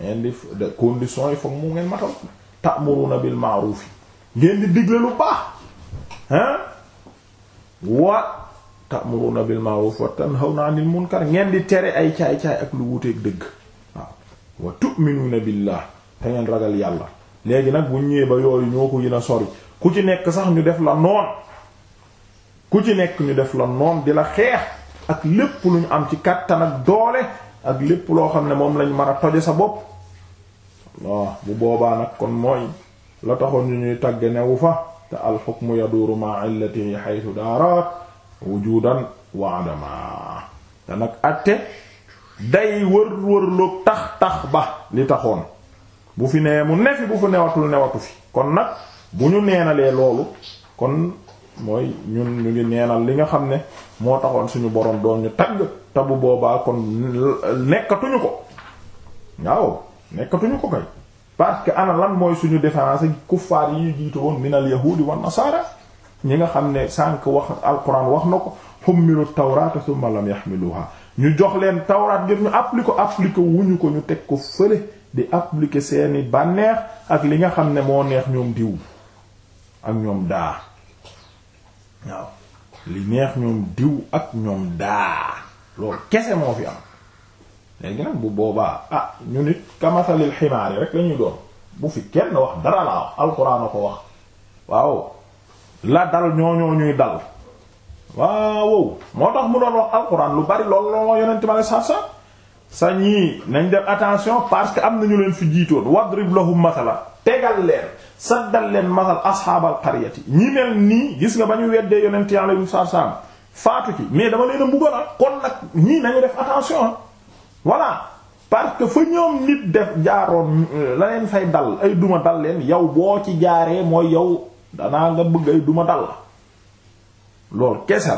ngeen di condition yi foog mu ngeen matal ta'muruna bil ma'ruf ngeen di digle lu baax hein wa ta'muruna bil ma'ruf wa tanhawna 'anil munkar ngeen di tere ay caay-caay ak lu wuteeg dëgg waaw wa tu'minuna billah te ngeen ragal yàlla léegi nag bu ñëwee ba yooyu ñoo ko gën a sori ku ci nekk sax ñu def la noon ku ci nekk ñu def la noon di la xeex ak lépp lu ñu am ci kàttan ak doole ak lépp loo xam ne moom lañ mën a toje sa bopp waaw bu boobaa nag kon mooy la taxoon ñu ñuy tàgge newu fa te al hukmu yaduru ma'a illatihi haythu darat wujudan wa adama te nag atte day wër wër loog tax tax ba li taxoon bu fi nee mu ne fi bu fi newatul newatu fi kon nag bu ñu neenalee loolu kon mooy ñun ñu ngi neenal li nga xam ne moo taxoon suñu borom doon ñu tagg te bu boobaa kon nekkatuñu ko waaw nekkatuñu ko kay parce que ana lan mooy suñu différence ak kuffaar yi ñu jiitu woon minal yahuudi wan nasaara ñi nga xam ne sànq wax alquran wax na ko hummilu tawrata thumma lam yahmiluha ñu jox leen tawraat ngir ñu appliquer appliquer wuñu ko ñu teg ko fële di appliquer seeni bànneex ak li nga xam ne moo neex ñoom diw ak ñoom daa li neex ñoom diw ak ñoom daa loolu kese moo fi am léegi nag bu boobaa ah ñu nit kamasalil ximaar yi rek lañuy doon bu fi kenn wax dara laa wax alxuraan a ko wax waaw la dal ñoo ñuy dal waaw moo tax mu doon wax alxuraan lu bari lool looloo yonent ma ne sax sax sa ñii nañ def attention parce que am na ñu leen fi jiitoon wadrib lahum mathala tegal leen saddal leen mathal asxaabal qaryati ñi mel nii gis nga ba ñu weddee yonent yàlla yu sax sax faatu ci mais dama leen a mbugal kon nag ñii nañu def attention voilà parce que fa ñoom nit def jaaroon euh, la leen fay dal ay duma dal leen yow boo ci jaaree mooy yow. danaa nga bëggay duma dal la loolu kese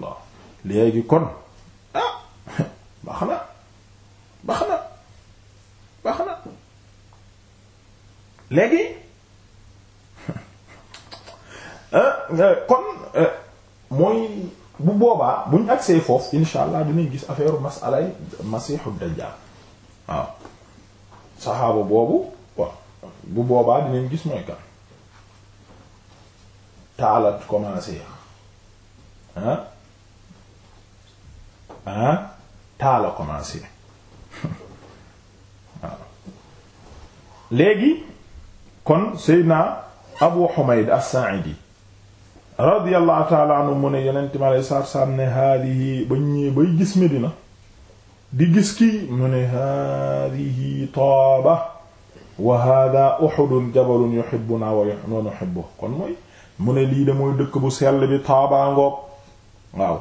la léegi kon ah baax na baax na léegi ah, kon eh, mooy bu boobaa buñ agsee foofu insha allah dinañ gis affaire masalay masiixu dajjaal waaw saxaaba boobu bu boobaa dinañ gis mooy kan taalat commencé ah ah taala commencé waaw léegi kon Seydina Abu Humayd as-Sa'idi radiyallahu taala anhu mu ne yonent mi alayhi salaatu salaam ne haadihi ba ñëwee bay gis Medina di gis kii mu ne haadihi Taaba wa haadaa Uhudun jabalun yuhibbunaa wa nuhibbuhu kon mooy mu ne lii de mooy dëkk bu sell bi Taaba ngoog waaw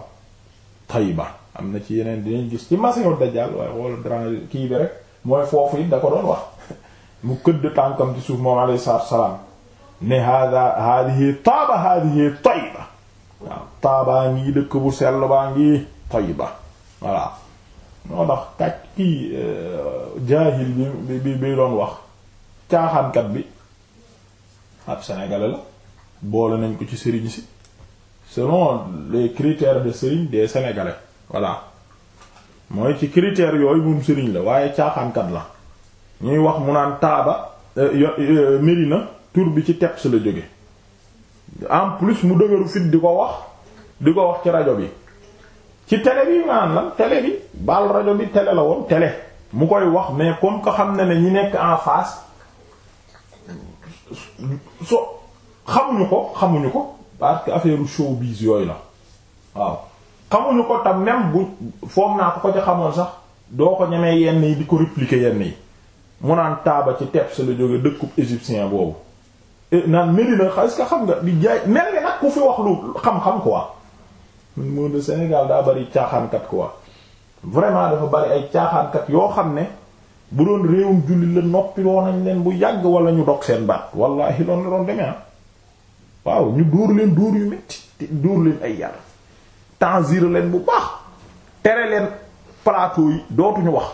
Tayba am na ci yeneen dinañ gis ci Masiixu Dajjaal waaye wala grand kii bi rek mooy foofu it da ko doon wax mu këdd tànkam ci suuf moom alayhi salaam ne hada hadihi Taaba hadihi Tayba waaw Taaba ngi dëkk bu sell baa ngi Tayba voilà moo tax kàcc kii euh, jaahil bi bi bi doon wax caaxaankat bi ab Sénégalais la boole nañ ko ci sëriñ si selon les critères de sëriñ des sénégalais voilà mooy ci critères yooyu moom sëriñ la waaye caaxaankat la ñuy wax mu naan taaba euh, euh, Medina tur bi ci teps la jóge en plus mu dëgëru fit di ko wax di ko wax ci rajo bi ci télé bi maanaam lan télé bi baal rajo bi télé la woon télé mu koy wax mais comme ko xam ne ne ñi nekk en face xamuñu ko xamuñu ko parce que affaire showbiz yooyu la waaw xamuñu ko tam même bu foog naa ko ko ci xamoon sax doo ko ñemee yenn yi di ko répliquer yenn yi mu naan taaba ci Thebes la jóge dëkku égyptien boobu eh, naan Médina est-ce que xam nga di jaay mel ni nag ku fi wax lu xam-xam quoi monde Sénégal daa bari caaxaankat quoi vraiment dafa bari ay caaxaankat yoo xam ne bu doon réewum julli la noppi loo nañ leen bu yàgg wala ñu dog seen baat wallahi loolu la doon ah. waaw ñu dóor leen duur yu metti dóor leen ay yar tanzir leen bu baax tere leen plateau yi dootuñu wax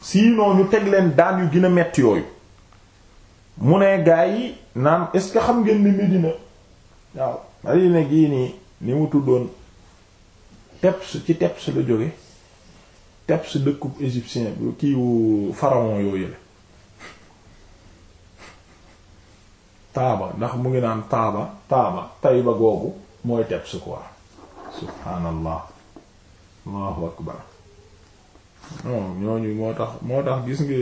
sinon ñu teg leen daan yu gina a metti yooyu mu ne gaa yi naan est-ce que xam ngeen ni Medina waaw Medina gii nii ni mu tuddoon Teps ci Teps la jóge Teps dëkkub égyptien bu kiiwu pharaon yooyu la taaba ndax mu ngi naan taaba taaba tayba googu mooy teb su quoi subhaanallah allahu akbar ñooñu moo tax moo tax gis ngi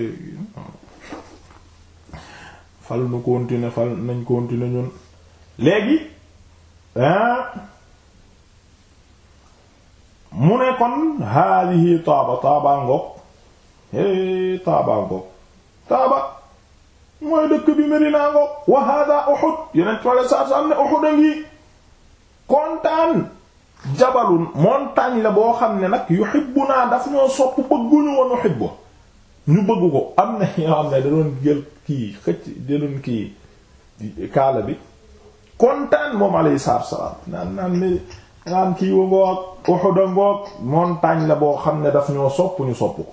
fal nu continuer fal nañ continuer ñun léegi mu ne kon haadihi taaba taaba ngoog hee taaba ngoog taaba mooy dëkk bi Medina ngo wa hada Uhud yeneen tool yi saa ne Uhud a ngi kontaan jabalun montagne la boo xam ne nag yuhibbuna daf ñoo bëgg ko am na ñoo xam kii xëcc da doon kii kaala bi kontaan moom alayhi salaatu wa salaam naan naan ni naan kii wa ngoog Uhud a ngoog montagne la boo xam ne daf ñoo sopp ñu sopp ko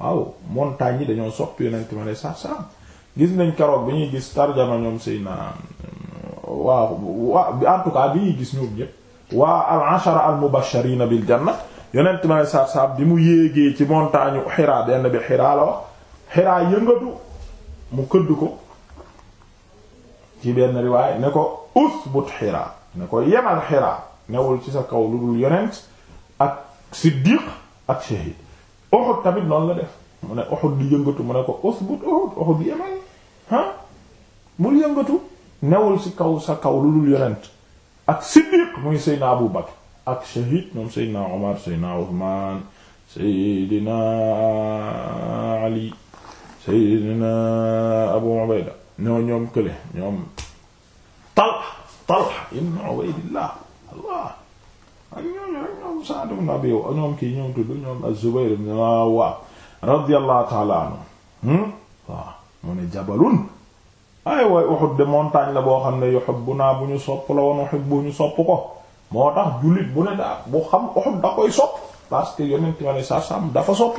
waaw montagne yi dañoo sopp yonent mi alayhi salaam gis nañ keroog bi ñuy gis tarjama ñoom Seydina waa waa en cas bi ñuy gis ñoom ñépp waa al ashara al mubashirina bil janna yonent ma saab saab bi mu yéegee ci montagne Hira benn bi Hira la wax Hira yëngatu mu këdd ko ci benn riwaay ne ko usbut Hira ne ko yemal Hira newul ci sa kaw lu dul yonent ak siddiq ak shahid Uhud tamit noonu la def mu ne Uhud di yëngatu mu ne ko usbut Uhud Uhud yemal ah bul yëngatu newul ci kaw sa kaw lu dul yonent ak siddiq muy seydna Abu Bakr ak shahid ñoom seydna Omar seydna Uthman seydna Ali seydna Abu Ubayda ñoo ñoom kële ñoom Talha Talha ibn Ubaydillah Allah ak ñooñu rek ñoom Sa'd ibn Abi ñoom kii ñoom tudd ñoom az-Zubayr ibn Awwam ta'ala anhu hmm? waaw mu ne jabalun ay waay Uhud de montagne la boo xam ne yuhibbuna bu ñu sopp la woon uhibbu ñu sopp ko moo tax jullit bu ne daa bu xam Uhud da koy sopp parce que yonent ma ne sa sam dafa sopp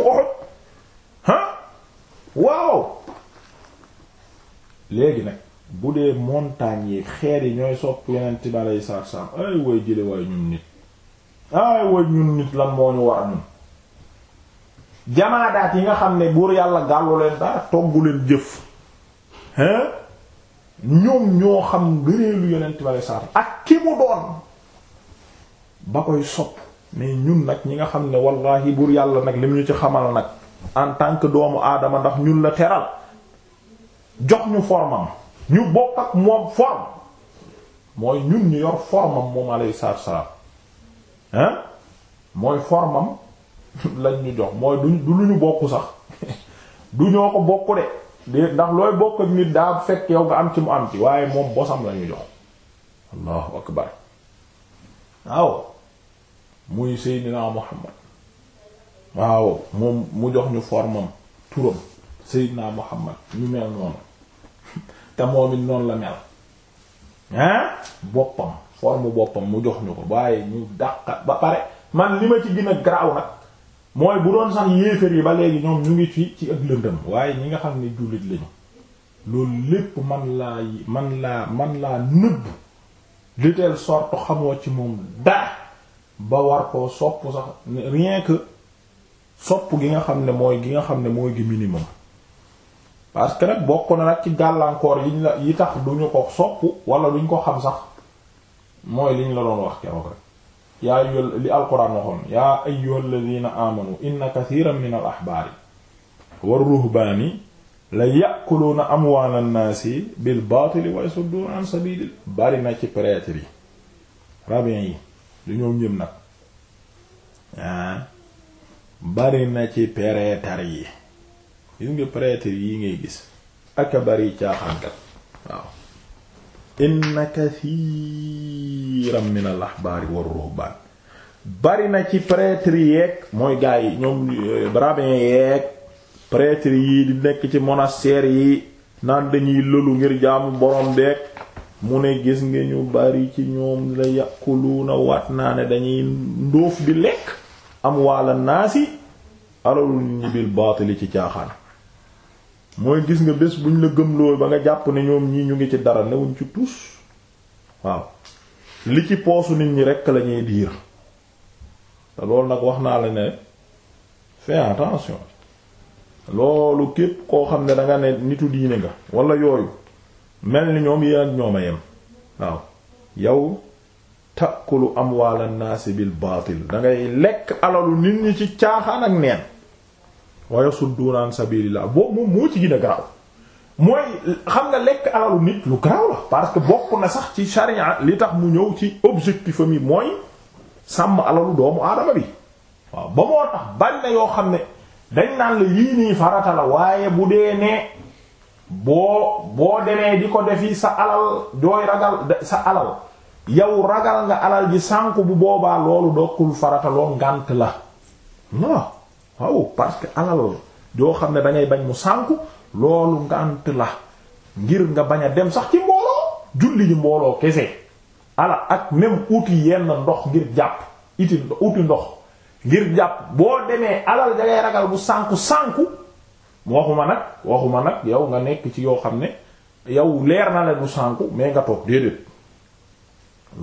nag bu dee yi xeer yi ñooy sopp yonent ma lay sa sam ay way jële waay ñun nit ay way ñun nit lan moo ñu war a jamaadaat yi nga xam ne buur yàlla gàllu leen dara toggu leen jëf hein ñoom ñoo xam gëneelu yonent bale saar ak ki mu doon ba koy sopp mais ñun nag ñi nga xam ne wallahi buur yàlla nag lim ñu ci xamal nag en tant que doomu aadama ndax ñun la teral jox ñu formam ñu bokk moom forme mooy ñun ñu yor formam moom alayhi salaatu salaam hein mooy formam lañ ñu jox mooy du lu ñu bokk sax du ñoo ko bokk de ndax looy bokk ak nit daa fekk yow nga am ci mu am ci waaye moom bosam la ñu jox allahu akbar waaw muy Seydina Muhammad waaw moom mu jox ñu formam turam Seydina Muhammad ñu mel noonu te moom it noonu la mel hein boppam forme boppam mu jox ñu ko waaye ñu dàq ba pare man li ma ci gën a garaaw nag mooy bu doon sax yéefér yi ba léegi ñoom ñu ngi ci ci ak lëndëm waaye ñi nga xam ne jullit lañu loolu lépp man laa man laa man laa nëbb de telle sorte xamoo ci moom dara ba war koo sopp sax rien que sopp gi nga xam ne mooy gi nga xam ne mooy gi minimum parce que nag bokk na nag ci gàllankoor yiñ yi tax duñu ko sopp wala duñ ko xam sax mooy liñ la doon wax keroog rek yaa ayyuha li alquran waxoon yaa ayyuha alladina amanu inna kathiran min al ahbaari wa ruhbaani la ya'kuluuna amwaala annaasi bil baatili wa yasudduuna an bari na ci prêtre yi rabbin yi du ñoom ñëm nag ah, bari na ci prêtre yi gis nga prêtre yi ngay gis ak bari caaxaankat waaw inna kathiran min al ahbaari war ruhbaan bari na ci prêtre yeeg mooy gaa yi ñoom euh, rabbin yeeg prêtre yi di nekk ci monastère yi naan dañuy lëlu ngir jaamu borom deeg mu ne gis nga ñu bari ci ñoom la yàquluuna waat naa ne dañuy ndóof bi lekk am waala naasi alalul ñi bil ci caaxaan mooy gis nga bés buñ la gëmloo ba nga jàpp ne ñoom ñii ñu ngi ci dara newuñ ci tus waaw li ci poosu nit ñi rekk la ñuy diir te loolu nag wax naa la ne fais attention loolu képp koo xam ne danga ne nitu diine nga walla yooyu mel ni ñoom yéen ak ñoom a yem waaw yow takkulu amwaala naasi bil baatil dangay lekk alalu nit ñi ci caaxaan ak neen wa yasudduuna an sabilillah boobu moom moo ci gën a mooy xam nga lekk alalu nit lu garaaw la parce que bokk na sax ci charia li tax mu ñëw ci objectif mi mooy sàmm alalu doomu aadama bi waaw ba moo tax bari na yoo xam ne dañ naan la yii nii farata la waaye bu dee ne boo boo demee di ko defi sa alal jooy ragal sa alal yow ragal nga alal ji sànku bu boobaa loolu dokkul farata ngànt la waaw waaw parce que alal joo xam ne da ngay bañ mu sànku loolu ngànt la ngir nga bañ a dem sax ci mbooloo julli ji mbooloo kese ala ak même uti yenn ndox ngir jàpp iti uti ndox ngir jàpp boo demee alal da ngay ragal bu sànku sànku waxuma nag waxuma nag yow nga nekk ci yoo xam ne yow leer na la bu sànku mais nga toog déedéet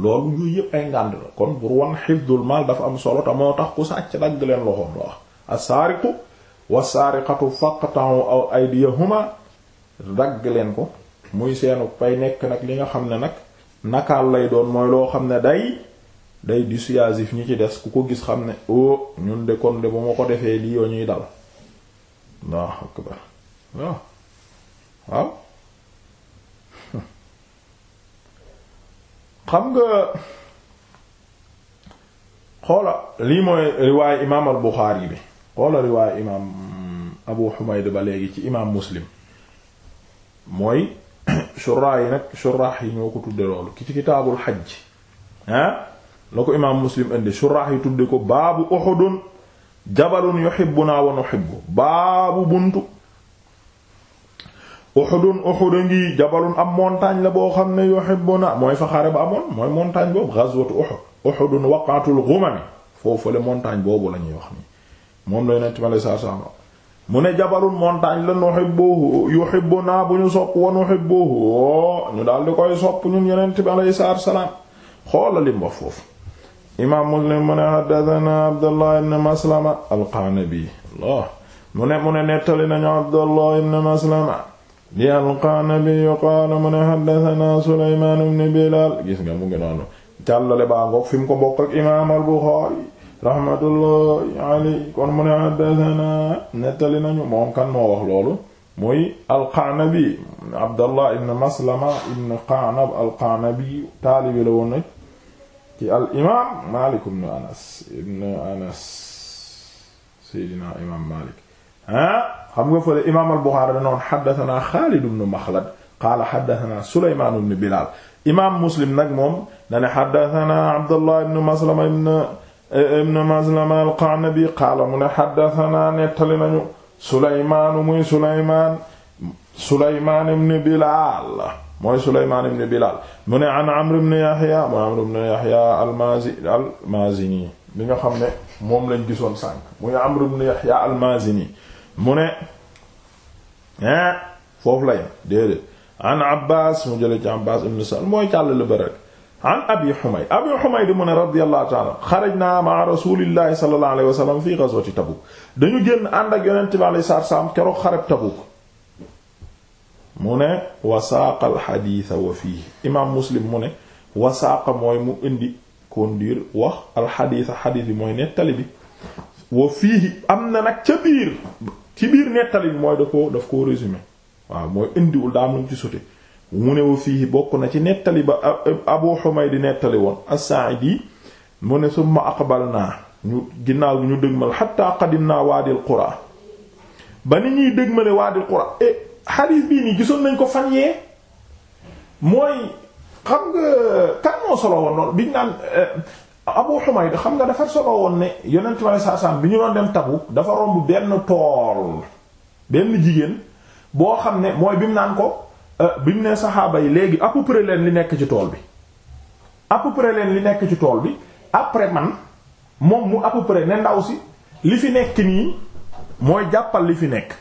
loolu yooyu yëpp ay ngànt la kon pour wan xifdul mal dafa am solo te moo tax ku sàcc dagg leen loxoom la wax as-saariqu was-saariqatu faqta'u aw aydiyahuma dagg leen ko muy seenu pay nekk nag li nga xam ne nag nakaal lay doon mooy loo xam ne day day dissuasif ñu ci des ku ko gis xam ne oh ñun de kon de bu ma ko defee lii yoo ñuy dal waaw xam nga xoola lii mooy riwaaye imaam Buxaari bi xoola riwaaya imaam Abu Humayd ba léegi ci imaam Muslim mooy shurah yi nag shurah yi ñoo ko tudde loolu ki ci kitaabul xaj ah, la ko imaam Muslim indi shurah yi tudde ko baabu Uhudun jabalun yuhibbuna wa nuhibbu baabu buntu Uhudun Uhud a ngi am montagne la boo xam ne yuhibbuna mooy fa xare ba amoon mooy montagne boobu ghazwatu Uhud Uhudun waqatul ghumam foofu la montagne boobu la ñuy wax nii moom la yonent ma lay saa saa mu ne jabalul montagne la nuhibbuhu yuhibbuna bu ñu sopp wa nuhibbuhu ñu daal di koy sopp ñun yonent bi alayhi salaatu salaam xoola lim wax foofu imaam muslim mu ne haddathana abdullah ibn maslama alqanabi mu ne mu ne nettali nañu abdullah ibn maslama di alqanabi qaala mu ne haddathana sulaymaan ibn bilaal gis nga mu ngi noonu jàllale baa ngoog fi mu ko bokk imaam al rahmatullahi alayhi kon mu ne haddathana nettali nañu moom kan moo wax loolu muy alqaanabi abdallah ibn maslama ibn qaanab alqaanabi taalibi la woon nag ci al imam malik ibn anas ibn anas seydina imam malik ah xam nga fële imam al buxaari danoon xaddatanaa xaalid ibn maxlad qaala xaddatanaa suleymaan ibn bilaal imam muslim nag moom dane xaddatanaa abdallah ibn maslama ibn ibn Maslama al-Qa'nabi qaala mu ne xaddatanaa nettali nañu Sulaymaanu muy Sulaymaan Sulaymaan ibn Bilaal mooy Sulaymaan ibn mu ne an Amr ibn Yahya mooy Amr ibn Yahya al maazini bi nga xam ne moom lañ gisoon sànq muy Amr ibn Yahya al-Maazini mu ne foofu lañ déedéet an Abbaas mu jële ci Abbaas ibn Sal mooy càll la ba an abi Humayd abi Humayd mu ne radiyallahu ta'ala xarajna ma'a rasulillahi sallallahu alayhi wa sallam fi ghazwati Tabuk dañu génn ànd ak yonent bi alayhi salaatu wa salaam keroog xareb Tabuk mu ne wasaaqa alxadiisa wa fii imaam Muslim mu ne wasaaqa mooy mu indi conduire wax alxadiisa xadiis bi mooy nettali bi wa fii am na nag ca biir ci nettali bi mooy da ko daf ko résumé waaw mooy indiwul daa mun ci sute mu ne fii bokk na ci nettali ba Abu Humayd di nettali woon as-Sa'idi mu ne summa aqbalnaa ñu ginnaaw gi ñu dëgmal hatta qadimnaa Waadil ñuy dëgmale Waadil xadiis eh, bii nii gisoon nañ ko fan yee mooy xam nga kan moo solo woon noonu biñ naan eh, Abu Humayd dafa solo woon ne yonent ma ne saasaan bi ñu doon dem Tabuk dafa romb benn tool benn jigéen boo xam ne mooy bi mu naan ko Euh, bi mu ne saxaaba yi léegi à peu leen li nekk ci tool bi à peu leen li nekk ci tool bi après man moom mu à peu ne ndaw si li fi nekk nii mooy jàppal li fi nekk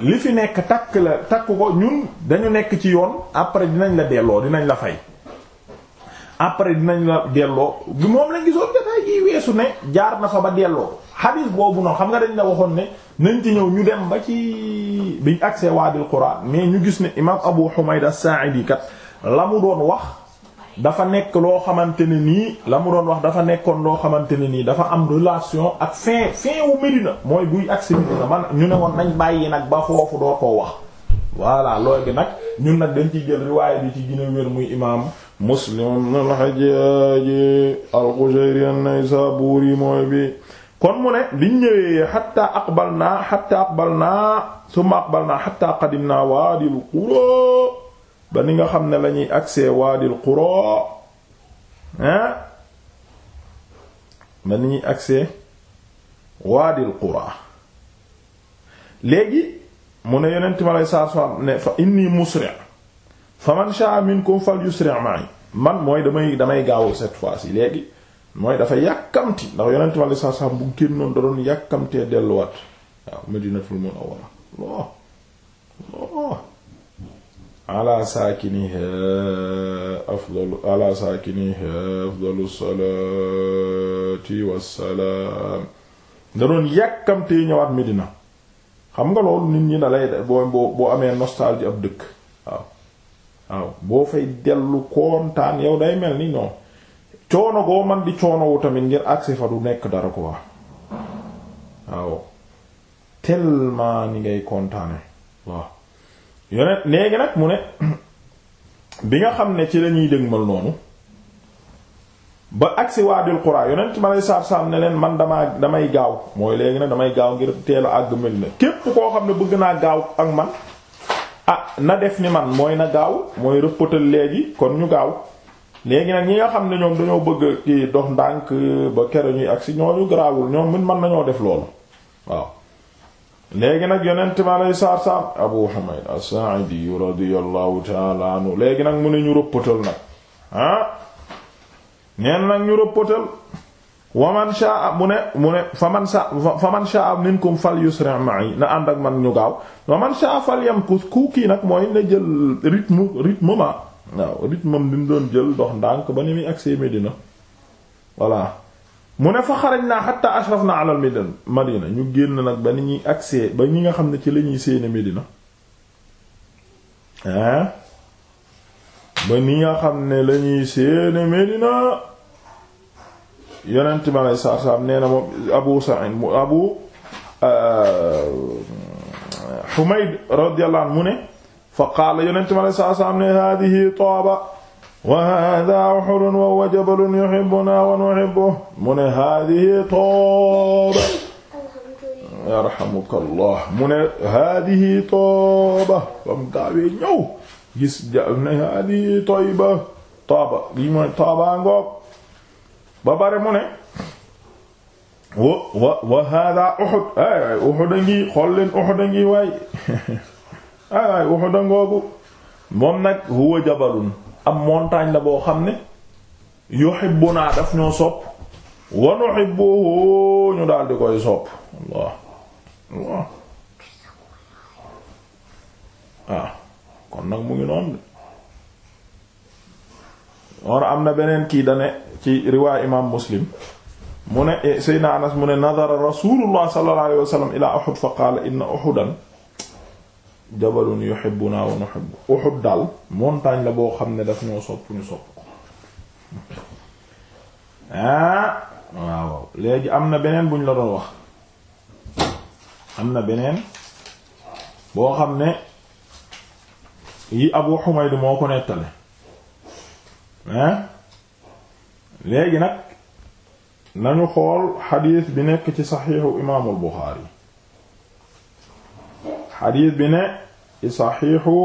li fi nekk takk la takk ko ñun dañu nekk ci yoon après dinañ la delloo dinañ la fay après dinañ la delloo moom lañ gisoon jotaay gi weesu ne jaar na fa ba delloo xadiis boobu noonu xam nga dañ la waxoon ne nañ ci ñëw ñu dem ba ci biñ waa waadil quraan mais ñu gis ne imaam Abu Humayd as-Sa'idi kat la mu doon wax dafa nekk loo xamante ne nii la mu doon wax dafa nekkoon loo xamante ne nii dafa am relation ak fin fin wu Medina mooy buy accès Medina man ñu ne woon nañ bàyyi nag ba foofu doo koo wax voilà lool gi nag ñun nag dañ ciy jël riwaaya bi ci gën a wér muy muslim ibn al-Hajjaj al-Qushayri an mooy bi kon mu ne biñ ñëwee xatta aqbalna xatta aqbalna summa aqbalna xatta qadimna waadil qura ba ni nga xam ne lañuy agsee waadil qura ah ba ni ñuy agsee waadil qura léegi mu ne yonent ma lay saa fa inni musri' fa man sha'a minkum fal yusri' ma'i man mooy damay damay gaaw cette fois-ci léegi mooy dafa yàkkamti ndax yonent bi sa saa bu génnoon da doon yàkkamtee delluwaat waaw Madinatul Munawwara Allah Allah ala saakiniha afdalu ala saakiniha afdalu salaati wassalaam da doon yàkkamtee ñëwaat Medina xam nga loolu nit ñi da lay boo boo amee nostalgie ab dëkk waaw waaw boo fay dellu kontaan yow day mel ni non coono goo man di coono wu ngir agsi fa du nekk dara ko wax waaw tellement ni ngay kontaane waaw yonent léegi nag mu ne bi nga xam ne ci lañuy dëgmal noonu ba agsi waadil xuraa yonent ma lay saab-saab ne leen man dama damay gaaw mooy léegi nag damay gaaw ngir teelu àgg mel ne képp koo xam ne bëgg naa gaaw ak man ah na def ni man mooy na gaaw mooy rëppatal léegi kon ñu gaaw léegi nag ñi nga xam ne ñoom dañoo bëgg ki dox ndànk ba kero ñuy agsi ñooñu garaawul ñoom mën nañoo def loolu waaw léegi nag yonent mi aleyhi salaatu salaam Abu Humayd as-Sa'idi radiyallahu ta'ala anhu léegi nag mu ne ñu rëppatal nag ah ñeen nag ñu rëppatal wa man shaa mu ne mu ne fa man shaa fa man shaa minkum fal yusri' ma'i na ànd ak man ñu gaaw wa man fal yamkus ku kii nag mooy na jël rythme rythme ma waaw rythme am bi doon jël dox ndànk ba ni muy agsee Medina voilà mu ne fa xarañ naa hatta ashrafna ala al-Madina ñu génn nag ba ni ñuy agsee ba ñi nga xam ne ci la ñuy séene Medina ah ba ni nga xam ne la ñuy Medina. yonent bi aleyhi salaatu salaam nee na moom Abu Sa'id mu Abu euh, Humayd radiyallahu anhu mu ne fa qaala yonent bi aleyhi salaatu salaam ne haadihi Taaba wa haadaa Uhud wa huwa jabalun yuhibbunaa wa nuhibbuhu mu ne haadihi Taaba yarhamukallah mu ne haadihi Taaba bam gaawee ñëw gis ja ne haadihi Tayba Taaba lii mooy Taaba ngoog ba pare mu ne wa wa wa hada Uhud ay waay Uhud a ngi xool leen Uhud a ngi waay ay waay Uhud a ngoogu moom nag huwa jabalun am montagne la boo xam ne yuhibbuna daf ñoo sopp wa nuhibbuhu ñu daal di koy sopp Allah Allah waaw kon nag mu ngi noonu war am na beneen kii dane ci riwaay imaam muslim mu ne eh, Seydina Anas mu ne nadara rasulullah sallallahu alayhi la boo xam ne daf ñu sopp ko ah am na beneen buñ la doon wax am na beneen boo xam ne yi Abu Humayd moo ko nettale hein ah? léegi nag nañu xool xadiis bi nekk ci saxiixu imaamul bi ne ci saxiixu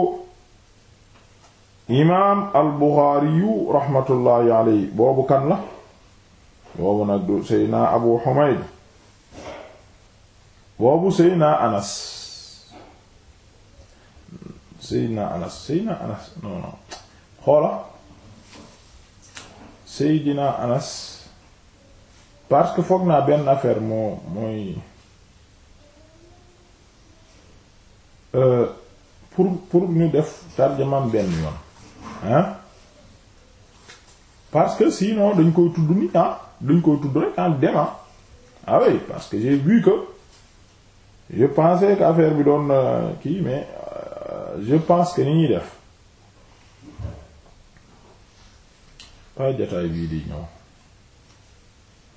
imaam al Buxaariyu raxmatullaahi boobu kan la boobu nag du Seydina Abu Xumayd boobu Seydina Anas Seydina Anas Seydina Anas non non xoola Seydina Anas parce que foog naa benn affaire moo mooy euh, pour pour ñu def tarjamam benn yoon hein parce que sinon dañ koy tudd ni ah dañ koy tudd rek en dément ah parce que j'ai vu que je pensais que affaire bi doon euh, kii mais euh, je pense que ni ñuy def waaye jotaay bii di ñëw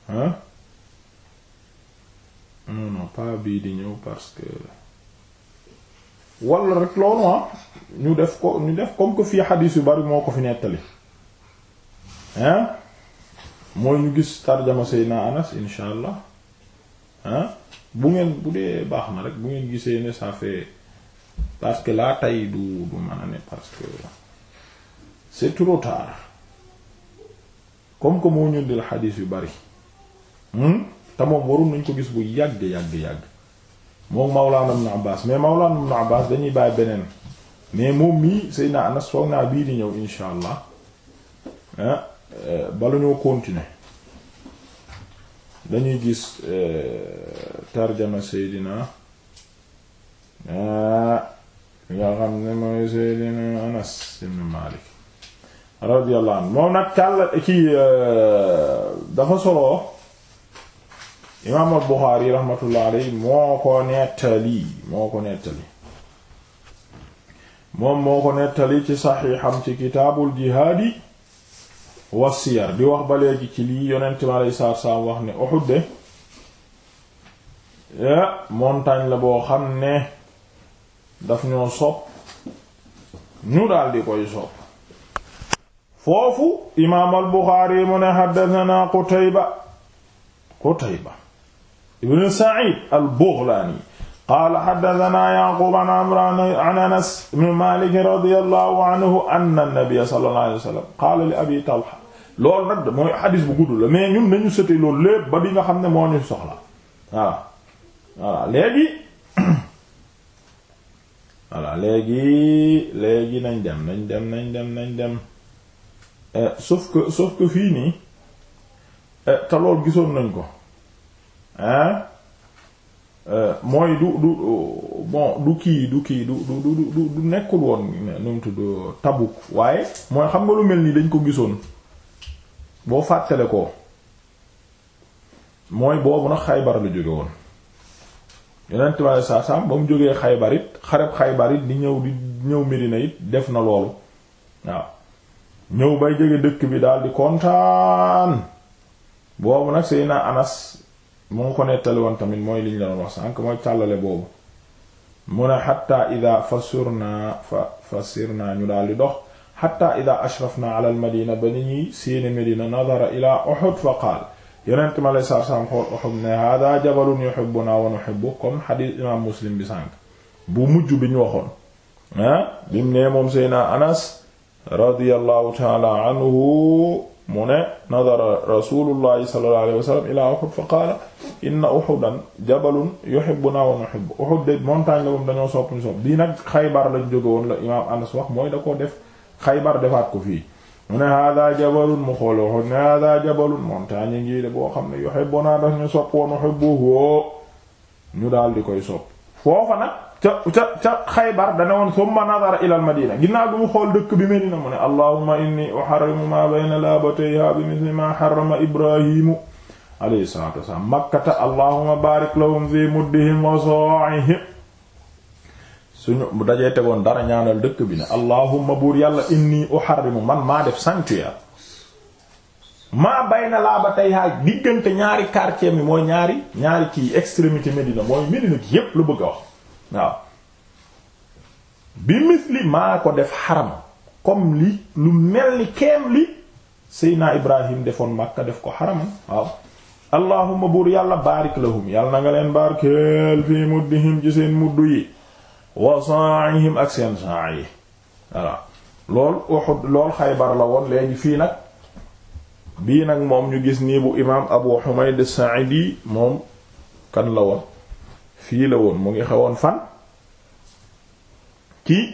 hein non bii di ñëw parce que wala rek loolu ah ñu def ko ñu def comme que fii xadiis yu bari moo ko fi nettali hein mooy ñu gis tarjama Seydina Anas insha allah hein bu ngeen bu dee baax na rek bu ngeen gisee ne ça fait parce que laa tay du du mën a ne parce que c'est trop tard comme que moo ñundil xadiis yu bari hmm? te moom nañ ko gis bu yàgg yàgg yàgg moom Mawlaana Ibn Abbaas mais Mawlaana Ibn Abbaas dañuy bàyyi beneen mais moom mii Seydina naa bii di ñëw insha allah eh, eh, bala ñoo continuer gis eh, tarjama Seydina Maalik radiyallahu anhu moom nag càll ci euh, dafa solo imaam al Buxaari rahmatullah alayhi moo ko nettali moo nettali moom moo ko nettali ci saxiixam ci kitaabul jihaadi wa siyar di wax ba léegi ci lii yonent mi alayhi salaatu salaam wax ne Uhud de eh, montagne la boo xam ne daf ñoo sopp ñu daal di koy sopp foofu imaam al-Buxaari mu ne haddasanaa Qutayba Qutayba ibn Sa'iid al-Baghlaani qaala haddasanaa Ya'quub an Amr an Anas ibn Maalik radiyallaahu anhu anna nabiyya sallallaahu alayhi wa sallam qaala li Abii Talha loolu nag mooy xadiis bu gudd la mais ñun nañu sëte loolu lépp ba bi nga xam ne moo ñu soxla voilà voilà léegi voilà léegi léegi nañ dem nañ dem nañ dem nañ dem Eh, sauf que sauf que fii nii eh, te lool gisoon nañ ko hein eh, mooy du du bon du kii du kii du du du du nekkul woon nu tudd Tabuk waaye mooy xam nga lu mel nii dañ ko gisoon boo fàttale ko mooy boobu nag Xaybar la jóge woon yeneen tubaab saa saam ba mu jógee Xaybar it xareb Xaybar it di ñëw di ñëw Medina it def na loolu waaw. ñëw bay jege dëkk bi daal di kontaan boobu nag sëy na anas mu ngi ko nettali woon tamit mooy liñ la doon wax sànq mooy càllale boobu mu ne xatta ida ñu daal di dox xatta ida ashrafna ala al madina ba ni ñuy séeni madina nadara ila fa qaal yonent ma lay xool Uhud ne hada jabalun yuhibbuna wa nuhibbu comme bu mujj bim ah, ne moom sëy na anas radiyallahu taala anhu mu ne nadara rasulullahi sallallahu alayhi wa sallam ila Uhud fa qaala inna Uhudan jabalun yuhibbuna wa nuhibbu Uhud de montagne la moom dañoo sopp ñu sopp bii nag Xaybar lañ jóge woon la imaam Anas wax mooy da ko def Xaybar defaat ko fii mu ne hada jabalun mu xool Uhud ne hada jabalun montagne ngi de boo xam ne yuhibbuna dañu sopp wa nuhibbu ñu daal di koy sopp foofa nag ca ca ca xaybar dana woon summa nazara ila madina ginnaaw bi xool dëkk bi Medina mu ne allahumma inni uharrimu ma bayna labatayha bi mithli dëkk bi ne allahumma buur yàlla inni man maa def sanctuaire maa bayna labatayha diggante ñaari quartier mi mooy ñaari ñaari kii extrémité Medina mooy Medina ki yépp lu bëgg a wax waaw bi misli maa ko def xaram comme li lu mel ni keem li Seydina Ibrahim defoon Makka def ko xaraman waaw allahumma buur yàlla baarik lahum yàlla na nga leen barkeel fii muddihim ci seen mudd yi wa sa'ihim ak seen saa yi voilà lool Uhud lool Xaybar la woon léegi fii nag bii nag moom ñu gis nii bu imaam Abu Humayd as-Sa'idi moom kan la woon fii la woon mu ngi xewoon fan kii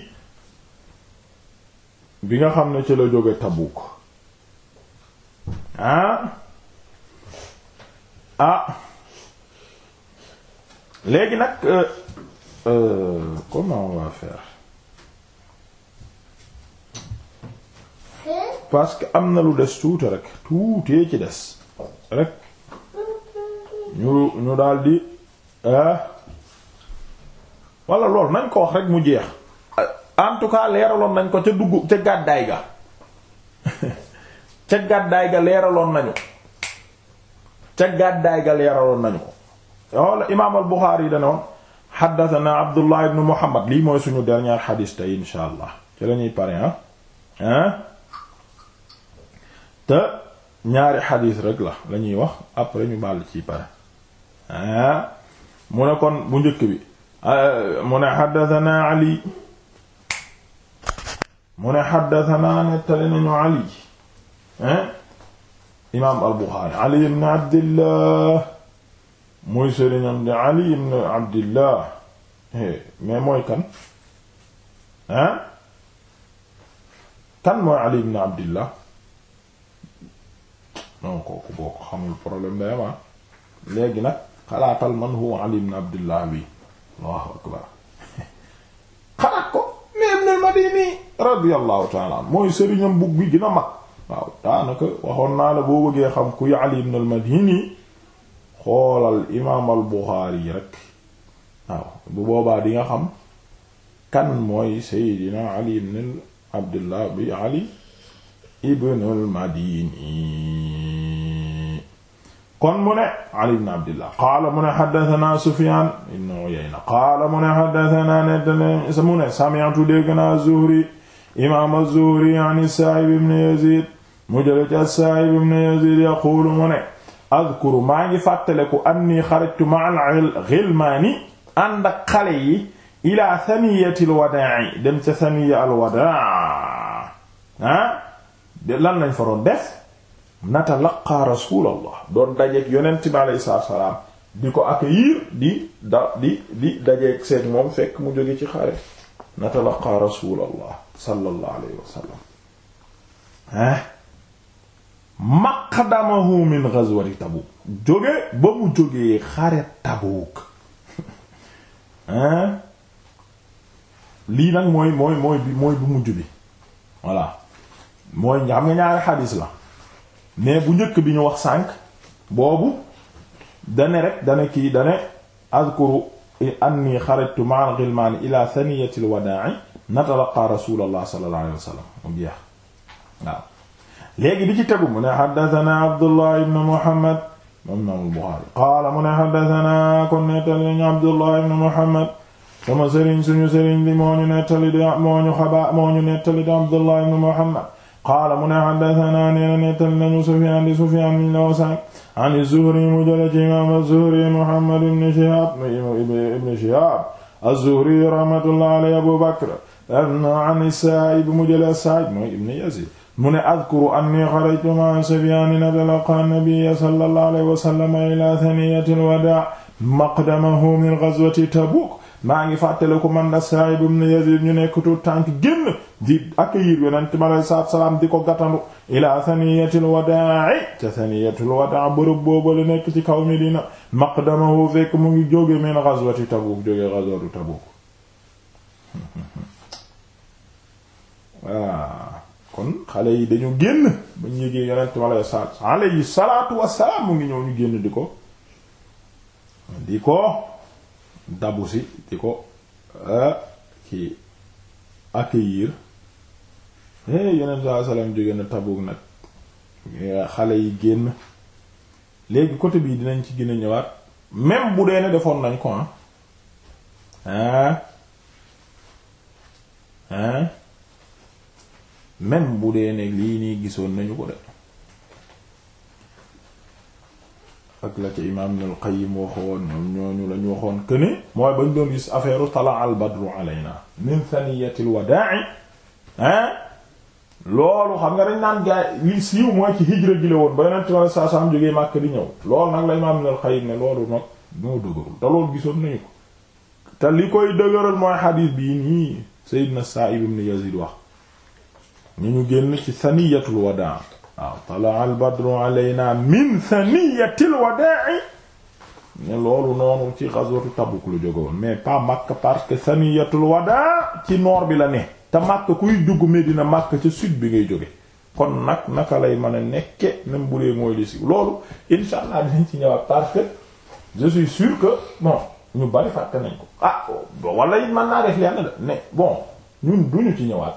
bi nga xam ne ci la jóge Tabuk ah ah léegi nag euh, euh, comment on va faire hmm? parce que am na lu des tuuti rek tuutee ci des rek hmm, hmm, ñu ñu daldi ah. wala loolu nañ ko wax rek mu jeex en tout cas leeraloon nañ ko ca dugg ca gàddaay ga ca gàddaay ga leeraloon nañu ca gàddaay ga leeraloon nañu ko wala imaam al Buxaari yi dane woon xaddatana abdullah ibnu muhammad lii mooy suñu dernier xadiis tey insha allah ci lañuy pare ah hein te ñaari xadiis rek la lañuy wax après ñu bàll ciy pare ah mu ne kon bu njëkk bi mu ne xaddatanaa ali ne xaddatanaa nettali nañu ali eh? imaam albuxaari ali ibn abdillah muy sëriñam di ali ibn abdillah eh, mais mooy kan ah kan mooy ali ibn abdillah non kooku boo ko xamul problème day am ah. léegi nag xalaatal man huwa ali ibn abdillah bi Allahu akbar xalaat ko mais Ibn al-Madini radiyallahu ta'ala mooy sëriñam bug bi gën a mag waaw daanaka waxoon naa la boo bëggee xam kuy Ali ibn al-Madini xoolal imaam al-Bukhari rek waaw bu boobaa di xam kan mooy Seydina Ali ibn Abdullah bi Ali ibn al-Madini kon mu ne ali ibn abdillah qaala mu ne xaddatana sufyan ibn uyayna qaala mu ne xaddatana nettane mu ne sami'tu dégg naa zuhri imaam az-zuhri an saa'ib ibn yazid mu jële ci saa'ib ibn yazid yaquulu mu ne adkuru maa ngi fàttaleku anni xarajtu ma'a al-ghilmaani ànd ak xale yi ila thaniyati al-wadaa'i dem ca thaniya al-wadaa' ah lan lañ faroon def natalaqaa rasulallah doon dajeeg yonent bi aleyhi salaam di ko accueillir di da di di dajeeg seet moom fekk mu jóge ci xare natalaqaa rasulallah sallallahu alayhi wa sallam ah maqdamahu min ghazwati Tabuk jóge ba mu jógee xare Tabuk ah lii nag mooy mooy mooy bi mujj bi voilà mooy xam nga ñaari xadiis la mais bu njëkk bi ñu wax sànq boobu dane rek dane kii dane adkuru anni xarajtu ma'a al-ghilmaani ila thaniyatil wadaa'i natalaqa rasulallah sallallahu alayhi wa sallam mu jeex léegi bi ci tegu mu ne xaddatana abdullah ibn muhammad mu ne xaddatana kon nettali di moo ñu muhammad qaala mu ne haddasanaa neena nettal nañu Sufyaan di Sufyaan miñ la wasan an Zuhri mu jële ci imaam Zuhri Muhammad ibn Shihaab ibn Shihaab az-Zuhri rahmatullahi alayhi Abu Bakr an Saa'ib mu jële Saa'ib mooy ibn Yaziid mu ne adkuru anni xarajtu ma'a Sufyaan natalaqaa an-nabiyya sallallahu alayhi wa sallam ilaa thaniyatil wadaa' maqdamahu min ghazwati Tabuuk maa ngi fàttale ko man na Sa'ib ibn Yazid ñu nekk tout tànk génn di accueillir yonent mi alayhi salaatu salaam di ko gàttandu ila saniyatil wadaa'i ca saniyatil wadaa' bërëb boobu la nekk ci kaw Medina maqdamahu fekk mu ngi jóge min ghazwati Tabuk jóge ghazwatu Tabuk waa kon xale yi dañu génn ba ñu yégee yonent mi alayhi salaatu alayhi mu ngi ñëw ñu génn di ko di ko dabu si di ko ci ah, accueillir é yeneen saa salaam jóge na Tabuk nag eh, xale yi génn léegi côté bii dinañ ci génne a ñëwaat même bu dee ne defoon nañ ko ah. ah ah même bu dee ne lii nii gisoon nañu ko de ak la ca imaam Ibnul Qayyim waxoon ñoom ñooñu lañu waxoon que ne mooy bañ doon gis affaire tala al badru alayna min thaniyatil wadaa hein loolu xam nga dañ naan gaay li siiw mooy ci hijra gi woon ba yonent sallallahu alayhi wasallam jógee Makka di ñëw loolu nag la imaam Ibnul Qayyim ne loolu nag moo dëgërul te loolu gisoon nañu ko te li koy dëgëral mooy xadiis bii nii Sayyidna Sa'ib ibn Yazid wax ñu ñu génn ci thaniyatul wadaa waaw talaa al badru alayna min saniyatil wadaa ne loolu noonu ci ghazwatu Tabuk lu jóge mais pas Makka parce que saniyatul wadaa ci noor bi la ne te Makka kuy dugg dina Makka ca sud bi ngay jóge kon nag naka lay mën a nekke même bu dee mooy li si loolu insha allah ci ñëwaat parce que je suis que bon ñu bari fàtte nañ ko ah wala it mën naa def lenn de ne bon ñun duñu ci ñëwaat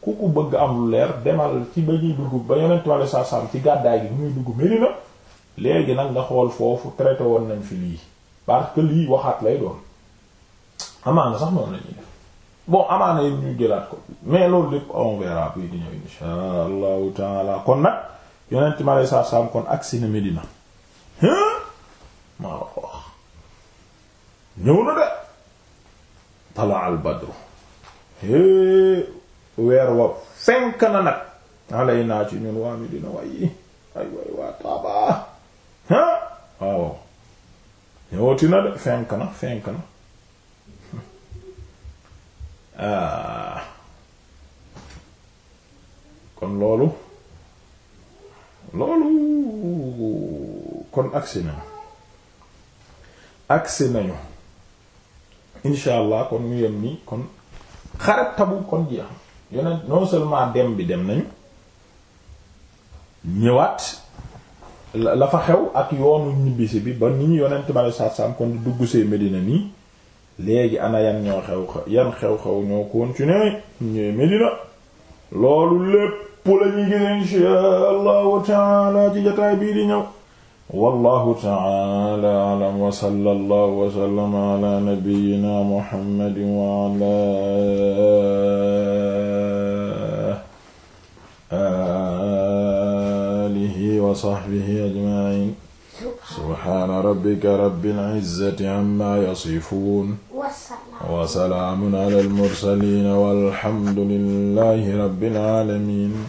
ku ku bëgg am lu leer demal ci ba ñuy dugg ba yonent ma saa saam ci gàddaay gi muy dugg Medina léegi nag nga xool foofu traité woon nañ fi lii parce lii waxaat lay doon amaana sax noonu la def bon amaana yi ñu jëlaat ko mais loolu lépp on verra di ñëw insha allahu taala kon nag yonent ma saa saam kon agsi na Medina maa wax wax ñëw na de tala al badru weer wa fenk na nag alay naa ci ñun waa mi dina waay ay waay waa taaba ah waaw ñëwati na de fenk na fenk na ah. kon loolu loolu kon agsi nañu agsi nañu insha kon ñu yem nii kon xarat Tabuk kon jeex yonent non seulement dem bi dem nañu ñëwaat la fa xew ak yoonu ñibbisi bi ba ni ñu yonent ma ne saat kon di dugg see Medina nii léegi ana yan ñoo xew xew yan xew xew ñoo continuer ñëwee Medina loolu lépp lañuy gis insha allahu taala ci jotaay bii di ñëw wallahu taala alam wa sallallahu wa sallama ala nabiyyina muhammadin wa ala alihi wa sahbihi ajma'in subhaana amma yasifuun wa salaamun alal mursaliin walhamdulillahi rabbil aalamiin